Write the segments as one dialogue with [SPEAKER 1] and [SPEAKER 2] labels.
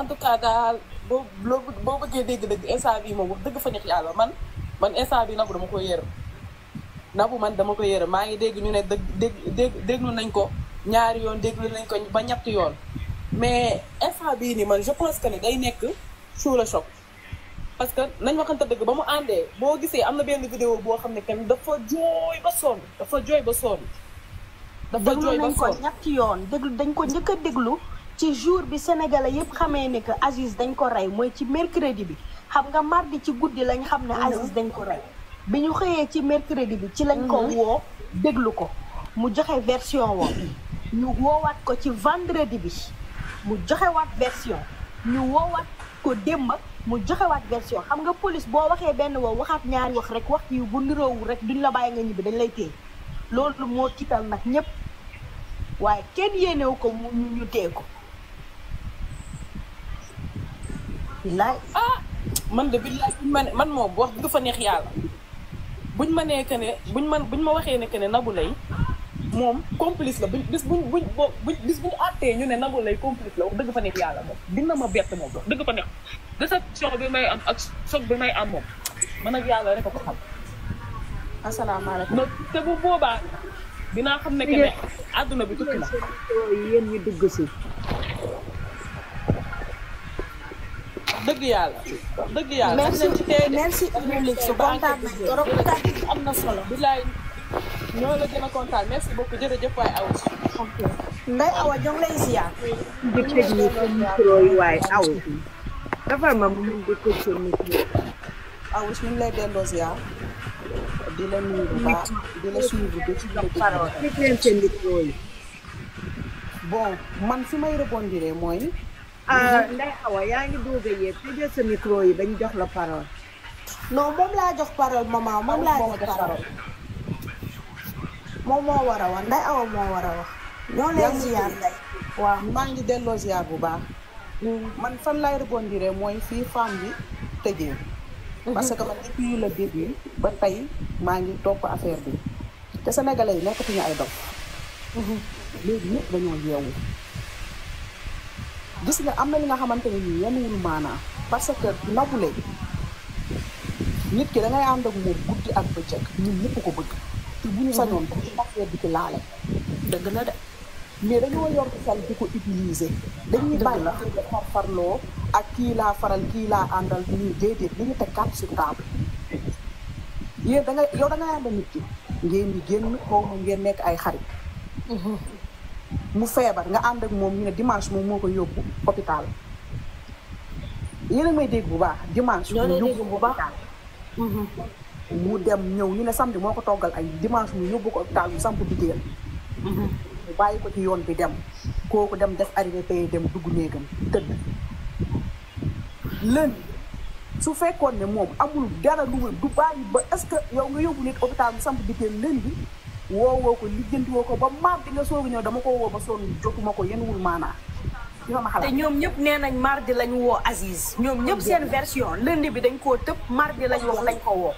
[SPEAKER 1] en tout cas daal boo loo boo bëggee dégg-dégg instant bii moom wax dëgg fa neex yàlla man man instant bii nabu dama ko yërëm nabu man dama ko yërëm maa ngi dégg ñu ne dégg dégg déglu nañ ko ñaari yoon déglu nañ ko ba ñetti yoon mais instant bii nii man je pense que ne day nekk sous le choc parce que nañ waxante dëgg ba mu àndee boo gisee am na benn vidéo boo xam ne kenn dafa jooy ba sonn dafa jooy ba sonn dafa jooy ba sonn déglu nañ ko ñetti yoon déglu dañ ko njëkk a déglu ci jour bi sénégalais yëpp xamee ne que Aziz dañ ko rey mooy ci mercredi bi xam nga mardi ci guddi lañ xam ne mm-hmm. Aziz dañ ko rey bi ñu xëyee ci mercredi bi ci lañ ko mm-hmm. woo déglu ko mu joxe version woo ñu woowaat ko ci vendredi bi mu joxewaat version ñu woowaat ko démb mu joxewaat version xam nga police boo waxee benn wax waxaat ñaari wax rek wax yi bu niroowul rek duñ la bàyyi nga ñibbi dañ lay téye loolu moo tiital nag ñëpp waaye kenn yéenewu ko mu ñu téye ko billaay ah man de billaay buñ ma ne man moom wax du fa neex yàlla buñ ma nee que ne buñ man buñ ma waxee ne que ne Nabou Leye
[SPEAKER 2] moom complice la buñ bis buñ buñ buñ bis buñ àttee ñu ne Nabou Leye complice la wax dëgg fa neex yàlla moom dina ma bett moom wax
[SPEAKER 1] dëgg fa neex déception bi may am ak choc bi may am moom man ak yàlla rek a ko xam. asalaamaaleykum te bu boobaa dinaa xam ne que ne àdduna bi tukki na. yéen ñu dugg si. dëgg yàlla dëgg yàlla. merci merci Ibou kontaan nañ am na solo. bilaay la gën a kontaan merci beaucoup jërëjëf waay di tëj ni bi.
[SPEAKER 2] dafar ma mu ngi la
[SPEAKER 1] nuyu bu di la suivre bon man fi may rebondiree mooy. Euh, Ndeye Awa yaa ngi doog a yéeg sa micro yi bañ jox la parole. non moom laa jox parole maman moom laa jox parole. moom moo war a wax Ndeye Awa moo war a wax. ñoo leen ziar Ndeye. maa ngi delloo ziar bu baax. man fan laay rebondiree mooy fii femme bi tëjee. Mhm. parce que man depuis le début ba tey maa ngi topp affaire bi. te sénégalais yi nekkatuñu ay dof. Mhm. léegi ñëpp dañoo yeewu. gis nga am na li nga xamante ne nii yenuwul maanaa parce que nabule nit ki dangay ngay ànd ak moom guddi ak bëccëg ñun ñëpp ko bëgg te bu ñu sañoon ko affaire bi ci laale dëgg la de mais dañoo yor xel di ko utiliser dañuy bàyyi far farloo ak kii laa faral kii laa àndal ñuy déedéet li ñu teg carte sur table yéen da ngay yow da ngay ànd nit ki ngeen di génn xaw ngeen nekk ay xarit mhm. mu feebar nga ànd ak moom ñu ne dimanche moom moo ko yóbbu hôpital yéen a may dégg bu baax dimanche mu yóbbu bu baax mu dem ñëw ñu ne samedi moo ko toggal ay dimanche mu yóbbu ko hôpital mu samp biteel mu bàyyi ko ci yoon bi dem kooku dem def arrivé pay dem dugg néegam tëdd lën su fekkoon ne moom amul dara lu du bàyyi ba est-ce que yow nga yóbbu nit hôpital mu samp biteel lën bi woowoo ko lijjanti woo ko ba mardi nga soog ñëw dama ko woo ba sonn jotuma ko yéen wul maanaa te ñoom ñëpp nee nañ mardi lañ woo Aziz ñoom ñëpp seen version lundi bi dañ koo tëb mardi lañ woo lañ ko woo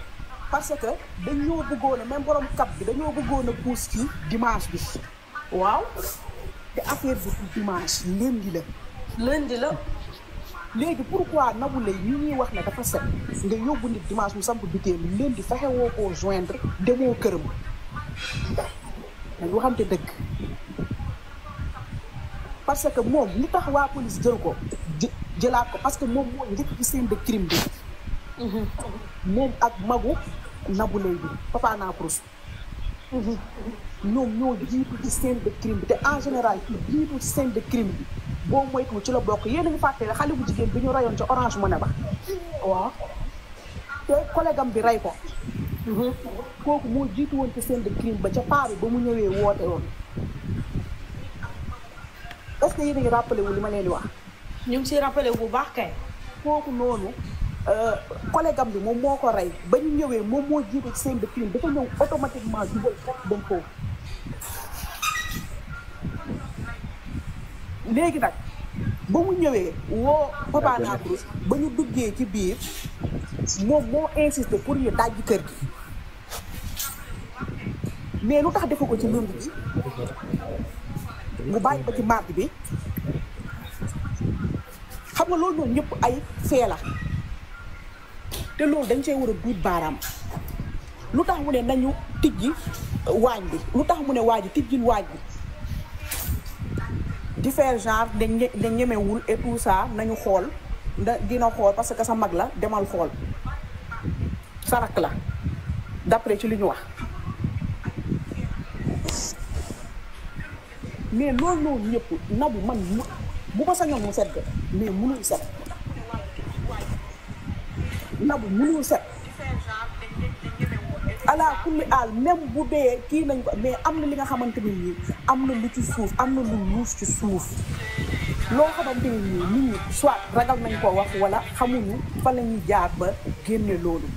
[SPEAKER 1] parce que dañoo bëggoon a même borom kap bi dañoo bëggoon a puus ci dimanche bi waaw te affaire bi dimanche lundi la lundi la léegi pourquoi Nabou Leye ñu ñuy wax ne dafa set nga yóbbu nit dimanche mu samp bitéelu lundi fexe woo koo joindre demoo këram dañ
[SPEAKER 2] waxante dëgg parce que moom li tax waa police jël ko jëlaat ko parce que moom moo njëkk ci seen de crime bi mm-hmm. moom
[SPEAKER 1] ak magu Nabou Leye bi Papa Na Brousse mm-hmm. ñoom ñoo jiitu ci scène de crime bi te en général ci jiitu ci scène de crime bi boo ko ci la bokk yéen a ngi fàtte xale bu jigéen bi ñu rayoon ca Orange Money ba waaw collègue am bi rey ko mhm. kooku moo jiitu woon ci seen de crime ba ca paaru ba mu ñëwee woote woon est-ce que yéen a ngi rappelé li ma leen wax ñu ngi si rappelé wu bu baax kay kooku noonu collègue euh, bi moom moo ko rey ba ñu ñëwee moom moo jiitu ci seen de crime dafa ñëw automatiquement jubal fekk dem foofu léegi nag ba mu ñëwee woo Papa Lagrosse ba ñu duggee ci biir moom moo insisté
[SPEAKER 2] pour ñu daj kër gi mais lu tax defu ko ci lund bi mu bàyyi ba ci mardi bi
[SPEAKER 1] xam nga loolu noonu ñëpp ay fee la te loolu dañ see war a duut baaraam lu tax mu ne nañu tijji waañ bi lu tax mu ne waa ji tijjil waañ bi diffère genre da dañ ñemewul et tout nañu xool nda dina xool parce que sa mag la demal xool sa rakk la d'après ci li ñu wax mais loolu noonu yëpp nabu man bu ma sañoon mu set mais mënul set nabu mënul set ala kulli aal même bu dee kii nañ ko mais am na li nga xamante ni nii am na lu ci suuf am na lu luus ci suuf loo xamante ni nii nit ñi soit ragal nañ ko wax wala xamuñu fa la ñuy jaar ba génne loolu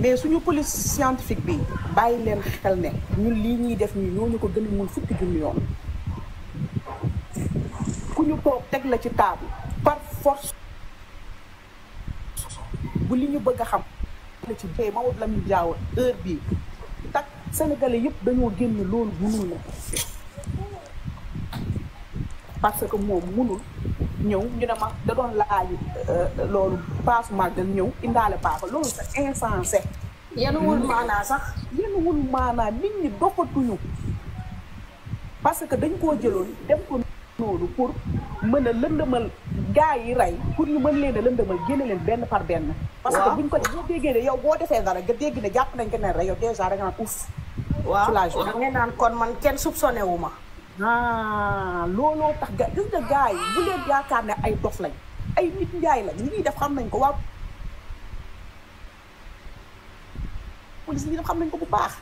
[SPEAKER 1] mais suñu police scientifique bi bàyyi leen xel ne ñu lii ñuy def nii ñooñu ko gën a mun fukki yoon ku ñu toog teg la ci taabu par force bu li ñu bëgg a
[SPEAKER 2] xam jàppale ci bee Mamadou Lamine Diaw heure bii tak sénégalais yëpp dañoo génn loolu mënul la parce que moom mënul
[SPEAKER 1] ñëw ñu ne ma da doon laaj euh, loolu paasu màggal ñëw indaale paaka loolu sa insensé
[SPEAKER 3] yenuwul maanaa sax
[SPEAKER 1] yenuwul maanaa nit ñi doxatuñu parce que dañ koo jëloon dem ko noonu pour mën a lëndëmal gaa yi rey pour ñu mën leen a lëndëmal génne leen benn par benn parce que buñ ko boo déggee ne yow boo defee dara ga dégg ne jàpp nañ ko ne rey yow dèjà da nga naan ouf waaw da naan kon man kenn soupçonné wu ma ah looloo tax ga gis gaa yi bu leen yaakaar ne ay dof lañ ay nit njaay lañ li ñuy def xam nañ ko waaw police yi def xam nañ ko bu baax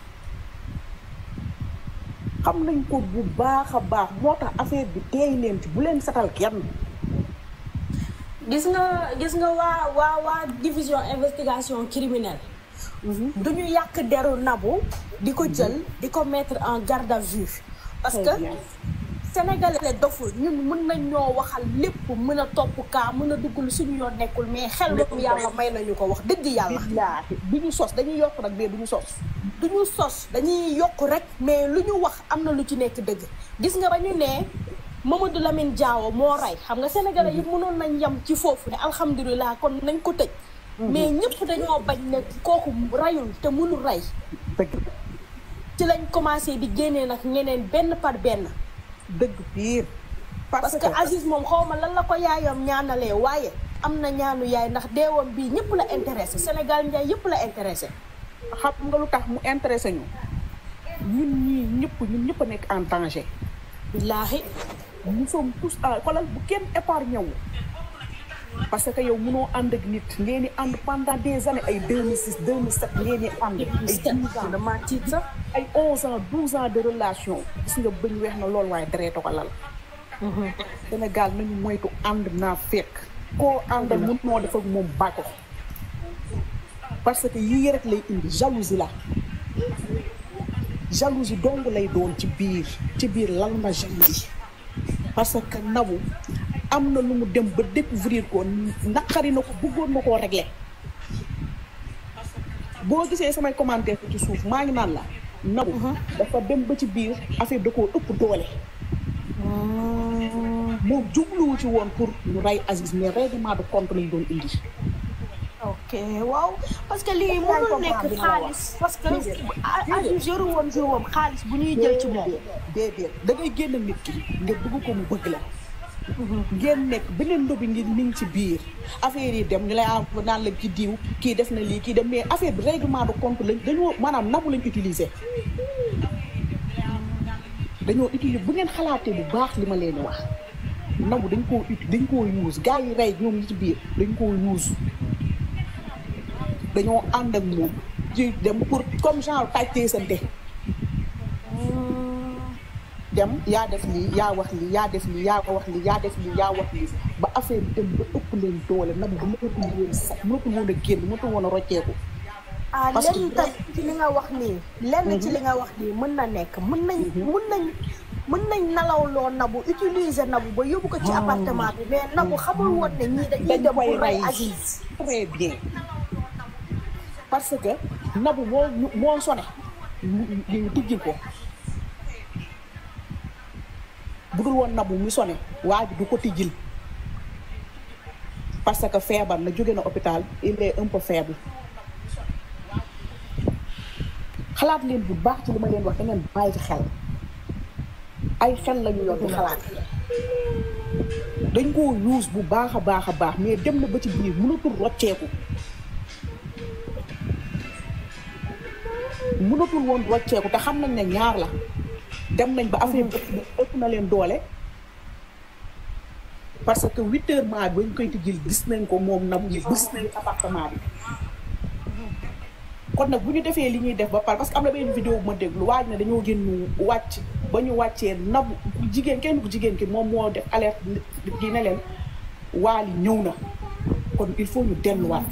[SPEAKER 1] xam nañ ko bu baax a baax moo tax affaire bi teey leen ci bu leen satal kenn gis nga gis nga waa waa waa division investigation criminelle mhm. du ñu yàq deru nabu di ko jël di ko mettre en garde à vue parce que sénégalais doful ñu mën nañ ñoo waxal lépp mën a topp kaa mën a duggul suñu yoon nekkul mais xel lu yàlla may nañu ko wax dëgg yàlla du ñu sos dañuy yokk rek mais du ñu sos du ñu sos dañuy yokk rek mais lu ñu wax am na lu ci nekk dëgg gis nga ba ñu ne ma Mamadou Lamine Diawo moo rey xam nga sénégalais yëpp mënoon nañ yam ci foofu ne alhamdulilah kon nañ ko tëj mhm. mais ñëpp dañoo bañ ne kooku rayul te mënul rey ci lañ commencé di génnee nag ñeneen benn par benn dëgg pire. parce que Aziz moom xaw ma lan la ko yaayam ñaanalee waaye am na ñaanu yaay ndax deewam bii ñëpp la intéressé Sénégal njaay yëpp la intéressé. xam nga lu tax mu intéressé ñu ñun ñi ñëpp ñun ñëpp a nekk en danger. billaahi nous sommes tous à xoolal bu kenn épargne wu parce que yow mënoo ànd ak nit ngeen di ànd pendant des années ay 2006 2007 ngeen di ànd. ay 12 ans damaa tiit sax ay 11 ans 12 ans de relation gis nga bëñ weex na lool waaye daree ko lal. Mhm. Sénégal nañu moytu ànd naa fekk. koo àndal mën noo def ak moom bako parce que yii rek lay indi jalousie la jalousie dong lay doon ci biir ci biir lan ma jalousie parce que nabu amna lu mu dem ba découvrir ko nakari nako ko bëggoon na régler bo gisé sama commentaire ci souf ma ngi nan la nabu mhm. dafa dem ba ci biir affaire da ko upp doole ah. mo jubluwu ci won pour ñu ray Aziz mais règlement de compte lañ doon indi ok wow, parce que lii mënul nek xaliss parce que Aziz yoru woon joowam xaliss bu ñuy jël ci mom dédé da ngay génn nit ki nga bëgg ko mu bëgg la ngeen nekk beneen ndobi ngi ni ngi ci biir affaire yi dem ñu lay naan la ki diw kii def na lii kii dem mais affaire bi règlement de compte lañ dañoo maanaam nabu lañ utiliser dañoo utiliser bu ngeen xalaatee bu baax li ma leen wax nabu dañ koo uti dañ koo yuus gars yi rey ñoom ñi ci biir dañ koo yuus dañoo ànd ak moom ci dem pour comme genre tàjtee sante dem yaa def lii yaa wax lii yaa def lii yaa wax lii yaa def lii yaa wax lii ba affaire bi dem ba ëpp leen doole nag bu mënatul woon sax mënatul woon a génn mënatul a rocceeku.
[SPEAKER 4] Ah, parce que lenn
[SPEAKER 1] ci li nga ci mhm. li nga wax nii mën na nekk mën nañ mhm. mën nañ mën nañ nalawloo nabu utiliser nabu ba yóbbu ko ci ah. appartement bi mais nabu xamul woon ne ñii dañuy dem pour rey Aziz très bien parce que nabu moo moo sone ñu tijjil ko. bu dul woon nabu mu sone waa ji du ko tijjil parce que feebar na jóge na hôpital il est un peu xalaat leen bu baax ci li ma leen wax da bàyyi ci xel ay xel lañu yor di xalaat dañ koo yuus bu baax a baax a baax mais dem na ba ci biir mënatul rocceeku mënatul woon rocceeku te xam nañ ne ñaar la dem nañ ba affaire bi ëpp na leen doole parce que huit heures maa bi bañ koy tijjil gis nañ ko moom na gis nañ appartement bi kon nag bu ñu defee li ñuy def ba pare parce que am na benn vidéo bu ma déglu waaj na dañoo génn wàcc ba ñu wàccee nab jigéen kenn ku jigéen ki moom moo def alerte gi ne leen waali ñëw na kon il faut ñu delluwaat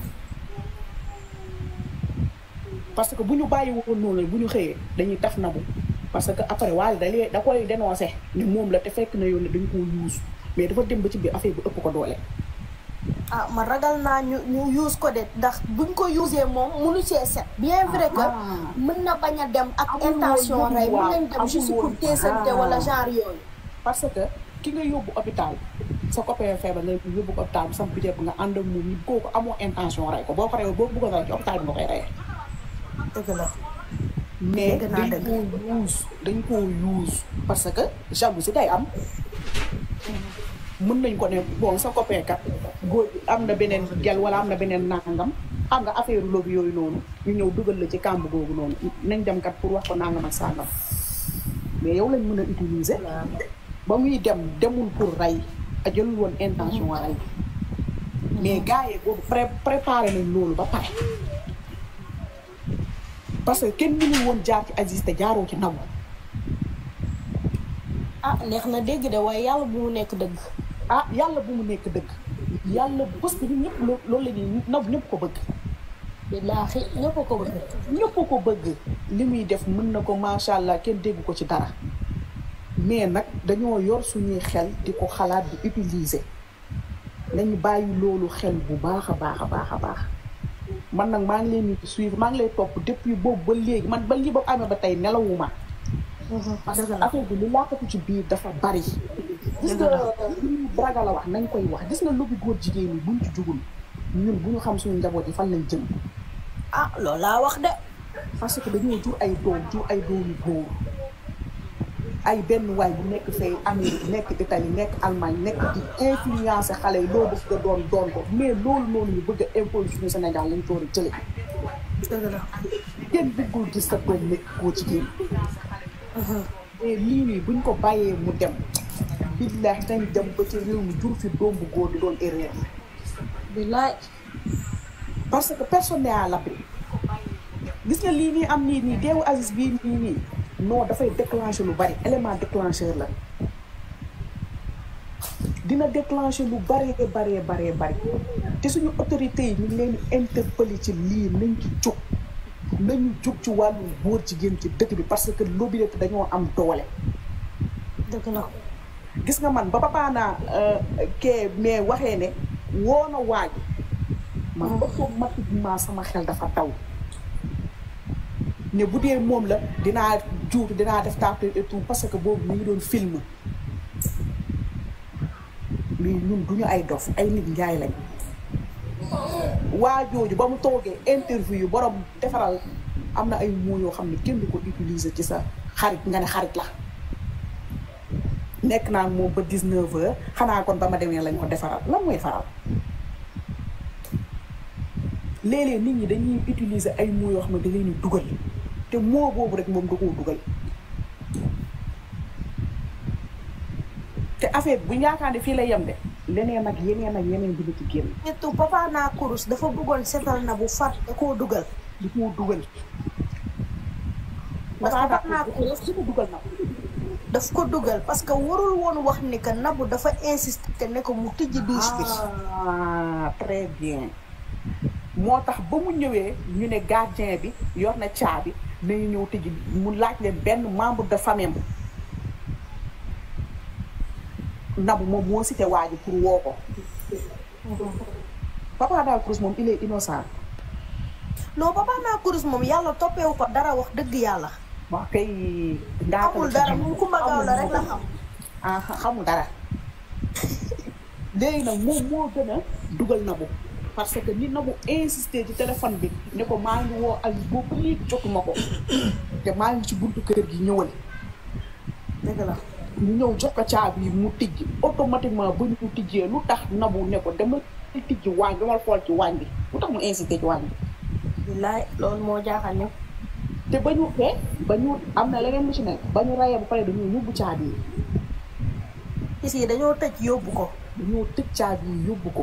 [SPEAKER 1] parce que bu ñu bàyyi woon noonu la bu ñu xëyee dañuy taf nabu parce que après Wally da lee da koy dénoncé ne moom la te fekk na yow ne dañ koo yuus mais dafa dem ba ci biir affaire bi ëpp ko doole. ah man ragal naa ñu ñu yuus ko de ndax buñ ko yuusee moom munu see set. bien vrai que ah. mën na bañ a dem ak intention rey mën nañ dem juste pour teesante wala ah. genre yooyu. parce que ki nga yóbbu hôpital sa copain feebar nga yóbbu ko hôpital bu sam bi nga ànd ak moom ñu kooku amoo intention rey ko boo paree boo ko bëggoon rey ci hôpital bi mais dañ
[SPEAKER 4] koo yuus
[SPEAKER 1] dañ koo yuus parce que si day am mën nañ ko ne bon sa copain kat góor am na beneen gel wala am na beneen nangam am nga affaire loolu yooyu noonu ñu ñëw dugal la ci kàmb googu noonu nañ dem kat pour wax ko nangam ak sàngam mais yow lañ mën a utiliser ba muy dem demul pour rey a jëlul woon intention a rey mais gars yee boobu préparé nañ loolu ba pare parce que kenn mënul woon jaar ci Aziz te jaaroo ci Nabou. ah neex na dégg de waaye yàlla bu mu nekk dëgg. ah yàlla bu mu nekk dëgg. yàlla parce que ñun ñëpp loolu la ñuy ko bëgg. billaahi ñëpp ko bëgg. ñëpp ko bëgg. li muy def mën na ko macha allah kenn dégg ko ci dara. mais nag dañoo yor suñuy xel di ko xalaat di utiliser. nañu bàyyi loolu xel bu baax a baax a baax a baax. man nag maa ngi leen di suivre maa ngi lay topp depuis boobu ba léegi man ba lii boobu amee ba tey nelawuma mhm. parce que affaire bi lu laakatu ci biir dafa bari
[SPEAKER 2] gis nga lu
[SPEAKER 1] Braga la wax nañ koy wax gis nga lobby góor jigéen ñi buñ ci jugul ñun bu ñu xam suñu njaboot yi fan lañ jëm ah loolu laa wax de parce que dañuy jur ay doom jur ay doomu góor ay benn waay bu nekk fay Amérique nekk Italie nekk Allemagne nekk di influencer xale yi loo bëgg a doon doon ko mais loolu noonu ñu bëgg a imposer suñu Sénégal lañ ko war a jëlee. kenn bëggul gis sa doom nekk koo jigéen. Uh-huh. mais lii nii buñ ko bàyyee mu dem. billaay dañ dem ba ci réew mi jur fi doom bu góor di doon erreur. billaay. parce que personne n'est à l'abri. gis nga lii nii am nii nii deewu Aziz bii nii nii. non dafay déclencher lu bari élément déclencheur la dina déclencher
[SPEAKER 2] lu bari bari bari bari te suñu autorités yi ñu ngi leen interpeller ci lii nañ ci jóg nañu jóg ci wàllu góor jigéen ci dëkk bi parce que lobby dañoo
[SPEAKER 1] am doole. dëgg la gis nga man ba papaanaa euh, kee mais waxee ne woon a waaj. man ba foog matuñu sama xel dafa taw. ne bu dee moom la dinaa juutu dinaa def tàpp et tout parce que boobu ñu ngi doon film mais ñun du ñu ay dof ay nit njaay lañ waa jooju ba mu toogee interview yu borom defaral am na ay mots yoo xam ne kenn du ko utiliser ci sa xarit nga ne xarit la nekk naa moom ba 19 heures xanaa kon ba ma demee lañ
[SPEAKER 2] ko defaral lan mooy faral léeg-léeg nit ñi dañuy utiliser ay mots yoo xam ne da leen dugal te moo boobu rek moom da dugal
[SPEAKER 1] te affaire bu ñu lay yem de leneen ak yeneen ak yeneen dina ci génn. surtout papa naa kurus dafa bëggoon setal na bu far da koo dugal. di koo dugal. papa naa kurus dafa dugal na daf ko dugal parce que warul woon wax ni que nabu dafa insister te ne ko mu tijji douche bi. ah très bien. moo tax ba mu ñëwee ñu ne gardien bi yor na caabi. nañu ñëw tëj mu laaj leen benn membre de famille am nabu moom moo cité waa ji woo ko Papa Dalkourouz moom il est innocent non Papa Dalkourouz moom yàlla toppewu ko dara wax dëgg yàlla waaw kay ndaata amul dara mu kumba gaaw dara léegi nag moom moo gën a dugal na bu parce que ni Nabou insister ci téléphone bi ne ko maa ngi woo Aliou boobu léegi jotuma ko te maa ngi ci buntu kër gi ñëwal dëgg la ñu ñëw jox ko caabi yi mu tijji automatiquement ba ñu tijjee lu tax Nabou ne ko dama tijji waañ dama xool ci waañ bi lu tax mu insister ci waañ bi. billaay loolu moo jaaxal ñëpp. te ba ñu xee ba ñu am na leneen lu ci nekk ba ñu rayee ba pare dañoo yóbbu caabi yi. gis yi dañoo tëj yóbbu ko. dañoo tëj caabi yi yóbbu ko.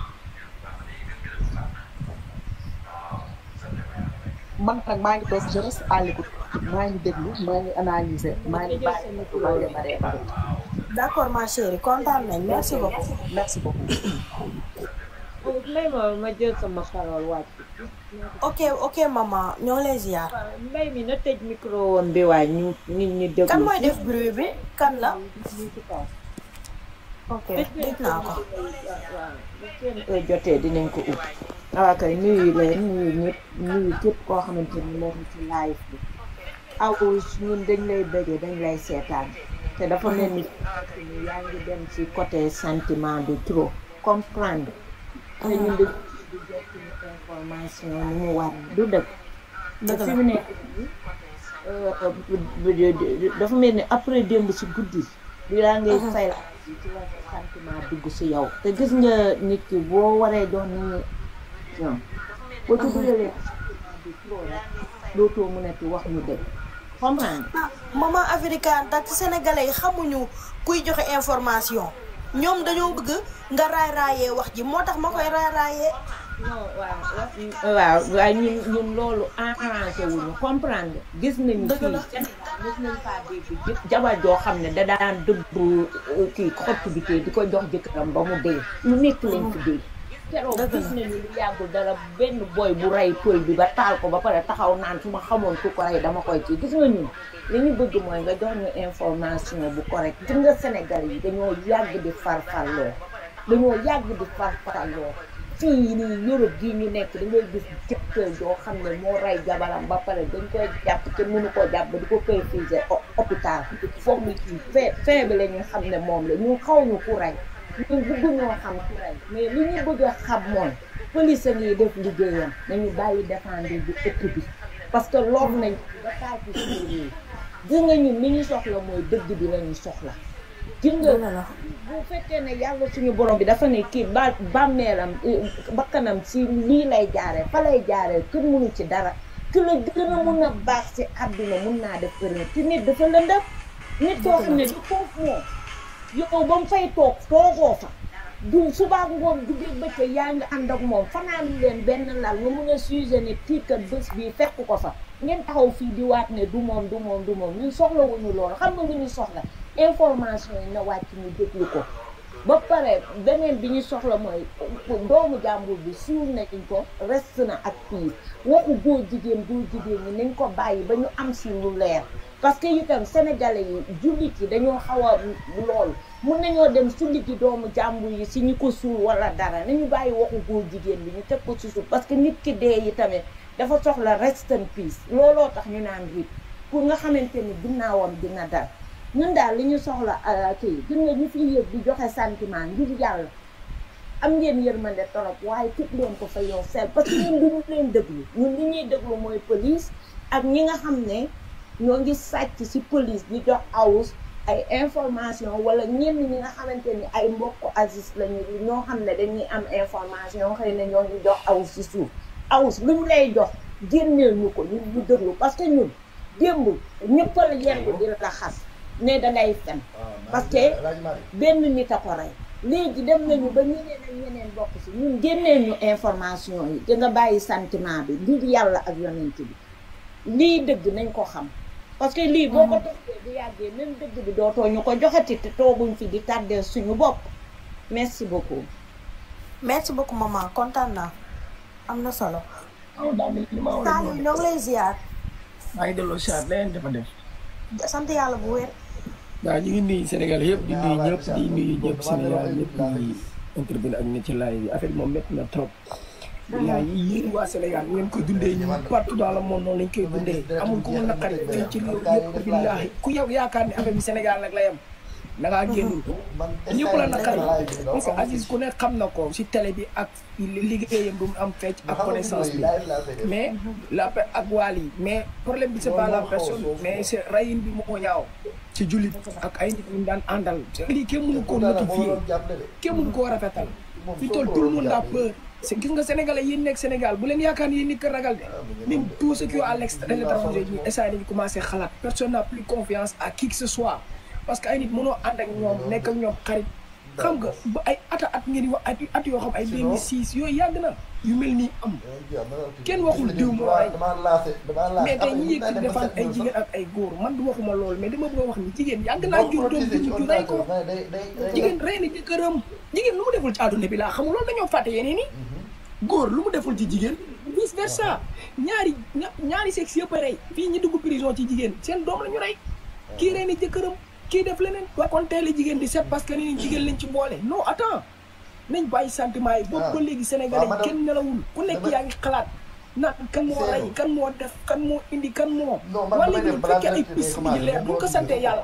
[SPEAKER 1] man nag maa ngi toog je reste à maa ngi déglu maa ngi analyser maa ngi bàyyi maa d' accord ma chérie kontaan nañ merci beaucoup. merci beaucoup. may ma ma jël sama parole wàcc. ok ok ñoo ngi lay ziar. mbay mi na tëj micro woon bi waay ñu nit kan mooy def bruit bi kan la. ok dégg naa ko. bu seen heure jotee dinañ ko ubbi waaw kay nuyu leen nuyu ñëpp nuyu képp koo xamante ni moo ngi ci live bi Awoush ñun dañ lay bëggee dañ lay seetaan te dafa mel ni dem ci côté sentiment de trop comprendre te ñun di du dëkk euh, euh, dafa mel ni après démb ci guddi bi laa ngay uh-huh. fay sentiment dugg si yow te gis nga nit ki boo waree jox nit ñi boo ci dugalee di trop wax ñu dëgg comprendre ah, maman yi xamuñu kuy joxe information ñoom dañoo bëgg nga raay raayee wax ji moo tax ma koy raay raayee
[SPEAKER 4] waaw
[SPEAKER 1] waaw waaye ñun ñun loolu arrangé wu ñu comprendre gis nañu fii gis nañ faa jabar joo xam ne da daan dëbb euh, kii xottu bi tey di ko jox jëkkëram ba mu dee
[SPEAKER 3] lu nekk lañ fi
[SPEAKER 1] dégg gis nañu yàggul dara benn booy bu rey pël bi ba taal ko ba pare taxaw naan su ma xamoon ku ko rey dama koy ci gis nga ñun li ñu bëgg mooy nga jox ñu information bu correct gis nga Sénégal yi dañoo yàgg di farfarloo dañoo yàgg di farfarloo fii nii Europe gii ñu nekk da ngay gis jëkkër joo xam ne moo rey jabaram ba pare dañ koy jàpp te mënu koo jàpp ba di ko perfusé hôpital foog ñu kii fee fee bi la ñu xam ne moom la ñu xaw ñu ku rey
[SPEAKER 4] ñu bëgguñoo xam ku rey mais
[SPEAKER 1] lu ñu bëgg a xam mooy police a ngi def liggéeyam nañu bàyyi défendre bi ëpp bi parce que loolu nañ
[SPEAKER 4] ba taal ci suñu
[SPEAKER 1] gis nga ñun li ñu soxla mooy dëgg bi la ñu soxla gis nga bu fekkee ne yàlla suñu borom bi dafa ne kii ba bàmmeelam eh, bakkanam si lii lay jaaree fa lay jaaree kenn mënu ci dara ki la gën mun a baax si àdduna mun naa def erreur ci nit dafa lëndëm nit koo xam ne du foofu moom yow ba mu fay toog toogoo fa du subaa ngoon guddee bëccëg yaa ngi ànd ak moom fanaan leen benn lal nga mun a sujet ne kii bés bii fekk ko fa ngeen taxaw fii di waat ne du moom du moom du moom ñun soxla wuñu loolu xam nga lu soxla information yi na wàcc ñu déglu ko ba pare beneen bi ñu soxla mooy doomu jàmbur bi suur nañ ko rest na ak fii waxu góor jigéen góor jigéen ñi nañ ko bàyyi ba ñu am si lu leer parce que itam sénégalais yi jullit yi dañoo xaw a lool mun nañoo dem sulli ji doomu jàmbur yi si ñu ko suur wala dara nañu bàyyi waxu boo jigéen bi ñu teg ko ci parce que nit ki dee yi tamit dafa soxla rest in peace looloo tax ñu naan rip pour nga xamante ni ginnaawam dina ñun daal li ñu soxla euh, kii gis nga ñu fi yëg di joxe sentiment ngir yàlla am ngeen yërmande torop waaye tëb leen ko fa yow sel parce que ñun du ñu leen déglu ñun li ñuy déglu mooy police ak ñi nga xam ne ñoo ngi sàcc ci police di jox awus ay information wala ñenn ñi nga xamante ni ay mbokk Aziz lañu ñoo xam ne dañuy am information xëy na ñoo ngi jox awus ci suuf awus lu ñu lay jox génneel ñu ko ñu déglu parce que ñun démb ñëpp la yendu di la xas ne dangay fen ah, parce que benn nit a ko rey léegi dem nañu ba ñeneen ak ñeneen bokk si ñun génnee ñu information yi te nga bàyyi sentiment bi ngir yàlla ak yonent bi lii dëgg nañ ko xam parce que lii boo ko ah. yàggee même dëgg bi dootoo ñu ko joxati te tooguñ fi di tardé suñu bopp merci beaucoup merci beaucoup maman kontaan naa am na solo Saliou ñoo ngi lay sant yàlla bu wér
[SPEAKER 2] waaw ñu ngi nuyu Sénégal yëpp di nuyu ñëpp di nuyu ñëpp Sénégal ñëpp di intervenir ak ñi ci laay bi affaire moom métti na trop. laay yi yéen waa Sénégal ngeen koy dundee ñu partout dans le monde noonu lañ koy dundee amul ku mu naqari fii ci réew yëpp billaahi ku yow yaakaar ni affaire bi Sénégal nag la yem. da ngaa génnul ñëpp la naqari parce que Aziz ku ne xam na ko si télé bi ak liggéeyam bu mu am fecc ak connaissance bi mais la ak waal yi mais problème bi c'est pas la personne mais c'est rayin bi moo ñaaw. ci jullit ak ay nit ñu daan àndal. lii kenn mënu ko notifié kenn mënu ko rafetal. fi toll tout le monde a peur. gis nga sénégalais yi nekk Sénégal bu leen yaakaar ni yéen ñi ko ragal de même tout ce qui est à l'étranger ñu essayé dañu commencé xalaat. personne n'a plus confiance à qui que ce soit parce que ay nit mënoo ànd ak ñoom nekk ak ñoom xarit. xam nga ba ay ata at ngeen di wax at at yoo xam ay 2006 yooyu yàgg na yu mel nii am kenn waxul diw mu waay mais tey ñi yëg ci defaan ay jigéen ak ay góor man du waxuma loolu mais dama bëgg wax ni jigéen yàgg naa jur doom ju ju rey ko jigéen rey na jëkkëram jigéen lu mu deful ci àdduna bi laa xamul loolu dañoo fàtte yeneen yi góor lu mu deful ci jigéen vice versa ñaari ñaari sexe yëpp a rey fii ñi dugg prison ci jigéen seen doom la ñu rey kii rey na jëkkëram kii def leneen ba kon teel a jigéen di set parce que ni jigéen lañ ci boole non attends nañ bàyyi sentiment yi boobu ba ah. léegi sénégalais ah, kenn nelawul ku nekk yaa ngi xalaat naan kan moo rey kan moo def kan moo indi kan moo wala léegi bu fekkee ay ko sante yàlla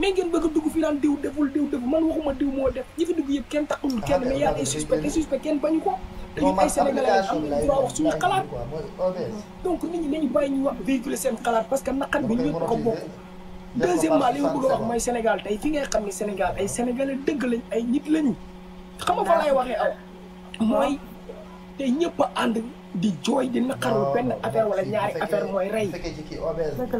[SPEAKER 2] mais ngeen bëgg a dugg fi naan diw deful diw deful man waxuma diw moo def ñi fi dugg yëpp kenn taxul ah, kenn mais yàlla ay suspect ay kenn bañu ko te ñun ay am nañ droit wax suñu xalaat donc nit ñi nañu bàyyi ñu wax véhiculer xalaat parce que naqar bi ñëpp ko bokk deuxièmement li ma bëgg a wax mooy Sénégal tey fi ngay xam ne Sénégal ay sénégalais dëgg lañ ay nit lañu xam nga fa lay waxee aw ah. mooy te ñëpp a ànd di jooy di naqarlu benn affaire wala ñaari affaire mooy rey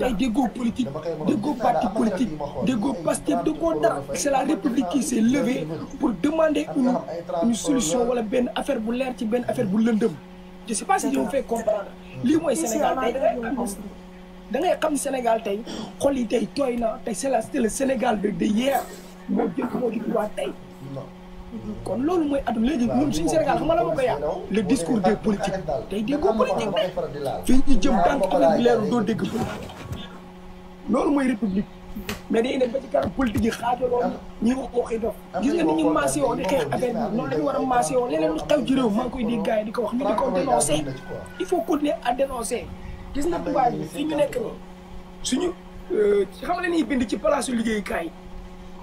[SPEAKER 2] tey déggoo politique déggoo parti politique déggoo Pastef déggoo dara c'est la république qui s'est levée pour demander une une solution wala benn affaire bu leer ci benn affaire bu lëndëm je sais pas si je me fais comprendre lii mooy Sénégal tey da ngay xam Sénégal tey xol yi tey tooy na tey c'est la Sénégal de de hier moo jël moo jël waa tey. kon loolu mooy at léegi ñun suñu Sénégal xam nga la ma ko yàq le discours des politiques tey déggoo politique de fii jëm tant que bi leerul doo dégg loolu mooy république mais dañuy dem ba ci kanam politique yi xaajoo loolu ñi wax waxi dof gis nga ni ñu maasee woon xeex affaire bi noonu la ñu war a maasee leneen lu xew ci réew maa ngi koy di gars di ko wax ñu di ko dénoncer il faut gis na tubaab yi fi ñu nekk nii suñu euh, xam nga ni bind ci palaasu liggéeyukaay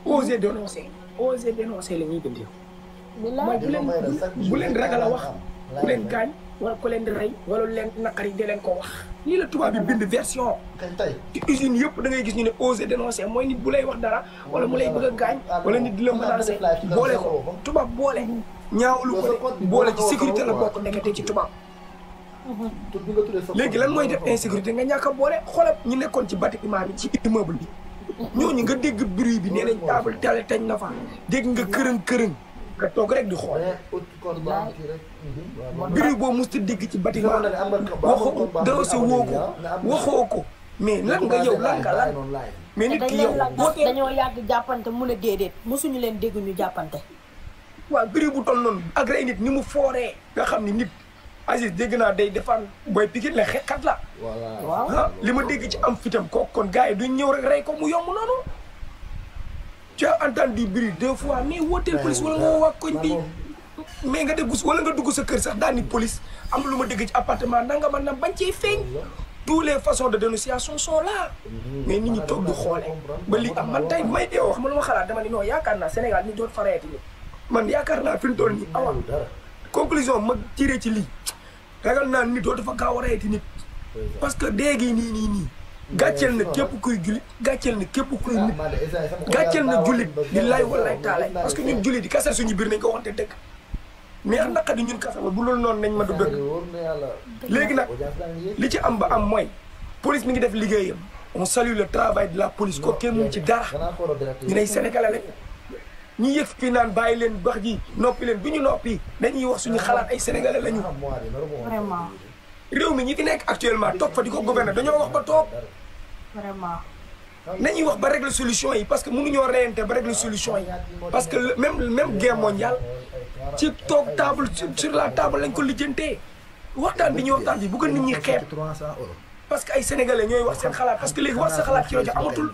[SPEAKER 2] oser dénoncer oser dénoncer la ñuy bind. mooy bu leen bu leen ragal a wax bu leen gaañ wala ku leen di rey wala leen naqari di leen ko wax. lii la tubaab bi bind version. tey ci usine yëpp da ngay gis ñu ne oser dénoncer mooy nit bu lay wax dara wala mu lay bëgg a gaañ wala nit di la menacer boole ko tubaab boole ñaawlu ko de boole ci sécurité la bokk te ci tubaab. léegi lan mooy def insécurité nga ñàkk a boole xoolal ñu nekkoon ci bâtiment bi ci immeuble bi ñooñu nga dégg bruit bi nee nañ table tale teñ na fa dégg nga kërëng kërëng nga toog rek di xool bruit boobu mosut a dégg ci bâtiment waxoo waxoo ko mais lan nga yow lan nga lan mais nit ki yow
[SPEAKER 1] dañoo yàgg jàppante mu a déedéet mosuñu leen dégg ñu jàppante
[SPEAKER 2] waaw bruit bu toll ak rey nit ni mu fooree nga xam ni nit Aziz dégg naa day defaan booy Pikine la xeexkat la. voilà ah, li ma dégg ci am fitam ko kon gars yi duñ ñëw rek rey ko mu yomb noonu. tu as entendu bri deux fois mais wooteel police wala nga woo koñ bi mais nga dégg wala nga dugg sa kër sax daal ni police am lu ma dégg ci appartement nanga man na bañ cee feeñ. tous les façons de dénonciation sont là. mais nit ñi toog du xoole. ba li am man tey may dee wax ma lu ma xalaat dama ni non yaakaar naa Sénégal ñu doon fareeti ni man yaakaar naa fi mu toll nii conclusion ma tiré ci lii. ragal naa nit dootu fa gaaw a reyati nit. parce que dee gi nii nii nii. gàcceel na képp kuy jullit gàcceel na képp kuy nit gàcceel na jullit di lay walaay taalay parce que ñun jullit di kasar suñu biir nañ ko waxante dëgg mais am naqadi ñun kasar bu loolu noonu nañ ma du dëgg léegi nag li ci am ba am mooy police mi ngi def liggéeyam on salue le travail de la police ko kenn mun ci dara ñu ne Sénégalais ñi yëg fii naan bàyyi leen bax ji noppi leen bu ñu noppi dañuy wax suñu xalaat ay sénégalais lañu. vraiment. réew mi ñi fi nekk actuellement toog fa di ko gouverner dañoo wax ba toog.
[SPEAKER 3] vraiment. nañuy wax
[SPEAKER 2] ba régler solution yi parce que mënuñoo reyante ba régler solution yi parce que même même guerre mondiale ci toog table sur la table lañ ko lijjantee waxtaan bi ñu waxtaan bi bu ko nit ñi xeeb. parce que ay sénégalais ñooy wax seen xalaat parce que léegi wax sa xalaat ci rajo amatul.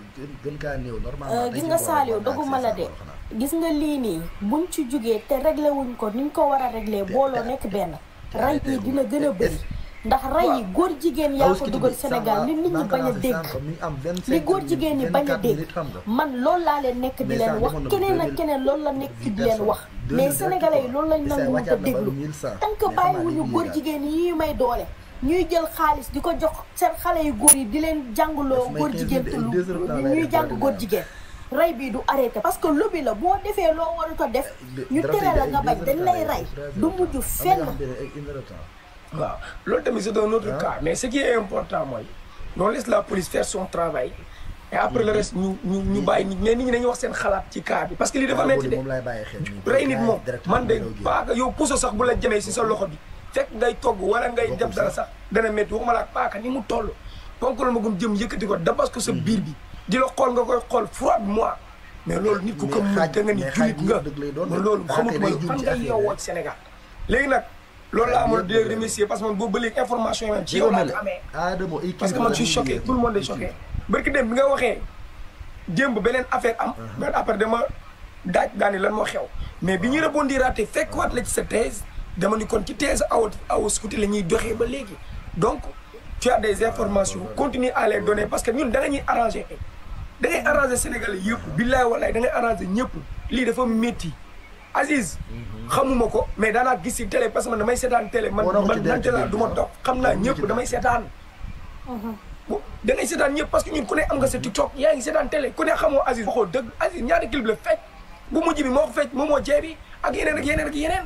[SPEAKER 1] Euh, gis nga Saliou doguma la de gis nga lii nii buñ ci jógee te réglé wuñ ko ñu ko war a réglé booloo nekk benn rey yi dina gën a bëri ndax rey yi góor jigéen yaa ko dugal Sénégal li nit ñi bañ a dégg ñi bañ man loolu laa leen nekk di leen wax keneen ak keneen loolu la nekk di leen wax mais sénégalais yi loolu lañ nangu mënta déglu tant que góor jigéen yi may doole ñuy jël xaalis di ko jox seen xale yu góor yi di leen jàngloo góor jigéen te lu ñuy jàng góor jigéen rey bii du arrêté parce que lobby la boo defee loo a ko def ñu tere la nga bañ dañ lay rey du
[SPEAKER 5] mujj fenn
[SPEAKER 2] waaw loolu tamit c'est un autre ah. cas mais ce qui est important mooy non laisse la police faire son travail et après le mm-hmm. reste ñu ñu ñu bàyyi nit mais nit ñi nañu wax seen xalaat ci cas bi parce que lii dafa metti de
[SPEAKER 5] rey nit moom man de paaka
[SPEAKER 2] yow puso la jëmee si sa loxo bi Fek ngay togg wala ngay def dara sax dana métti waxuma la ak paaka ni mu toll ponkal ma gum jëm yëkëti ko dabas ko sa hmm. biir bi di la xol nga koy xol froid moi mais lool nit ku ko mu da nga ni julit nga ma loolu ma fan nga yow wat Sénégal léegi nak lool la amul di remercier parce que man boobu ba information yi ci yow la
[SPEAKER 5] amé parce que man je suis choqué
[SPEAKER 2] tout le monde est choqué barki dem bi nga waxee démb benen affaire am uh-huh. ben après dama daj gani lan mo xew mais biñu ñuy uh-huh. fekk wat la ci sa thèse dama ni kon ci thèse aw aw Scouti la ñuy doxee ba légui donc tu as des informations continue à les donner parce que ñun da ngay ñuy arrangé da ngay arrangé Sénégalais yépp billahi wallahi da ngay arrangé ñépp li dafa metti Aziz xamuma ko mais daanaa gis ci télé parce que man damay sétane télé man man nante laa du ma toog ñépp naa ñëpp damay seetaan da ngay sétane ñépp parce que ñun ku ne am nga sa TikTok yaa ngi sétane télé ku ne xamoo Aziz waxoo dëgg Aziz ñaari clip la fecc bu mujj bi moo ko fecc moom moo jeebi ak yeneen ak yeneen ak yeneen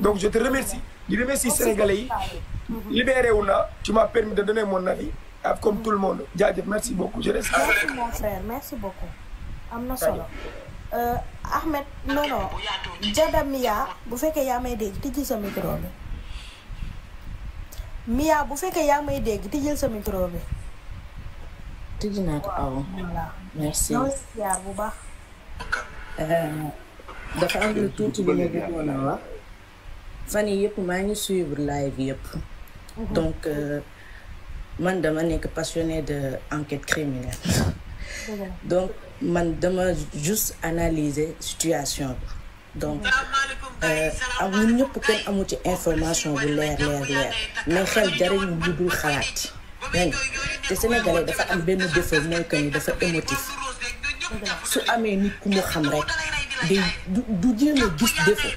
[SPEAKER 2] donc je te remercie je remercie sénégalais libéré wu tu m'as permis de donner mon avis comme tout le monde jaajëf merci beaucoup je reste merci
[SPEAKER 4] mon
[SPEAKER 1] frère merci beaucoup Amna euh, Ahmed non non Jada Mia bu que yaa may tu dis sa micro bi Mia bu fekkee yaa may tu dis sa micro bi tijji naa ko merci. merci bu baax euh, D'accord am lu tuuti lu ma bëggoon fan yi yëpp maa ngi suivre live yëpp
[SPEAKER 4] mhm. donc
[SPEAKER 1] euh, man dama nekk passionné de enquête criminelle mhm. donc man dama juste analyser situation bi donc mhm. euh, am ñun ñëpp kenn amu ci information bu leer leer leer mais xel jariñu lu dul xalaat nen te sénégalais dafa am benn défaut mooy que ni dafa émotif su amee nit ku mu xam rek day du jéem a gis défaut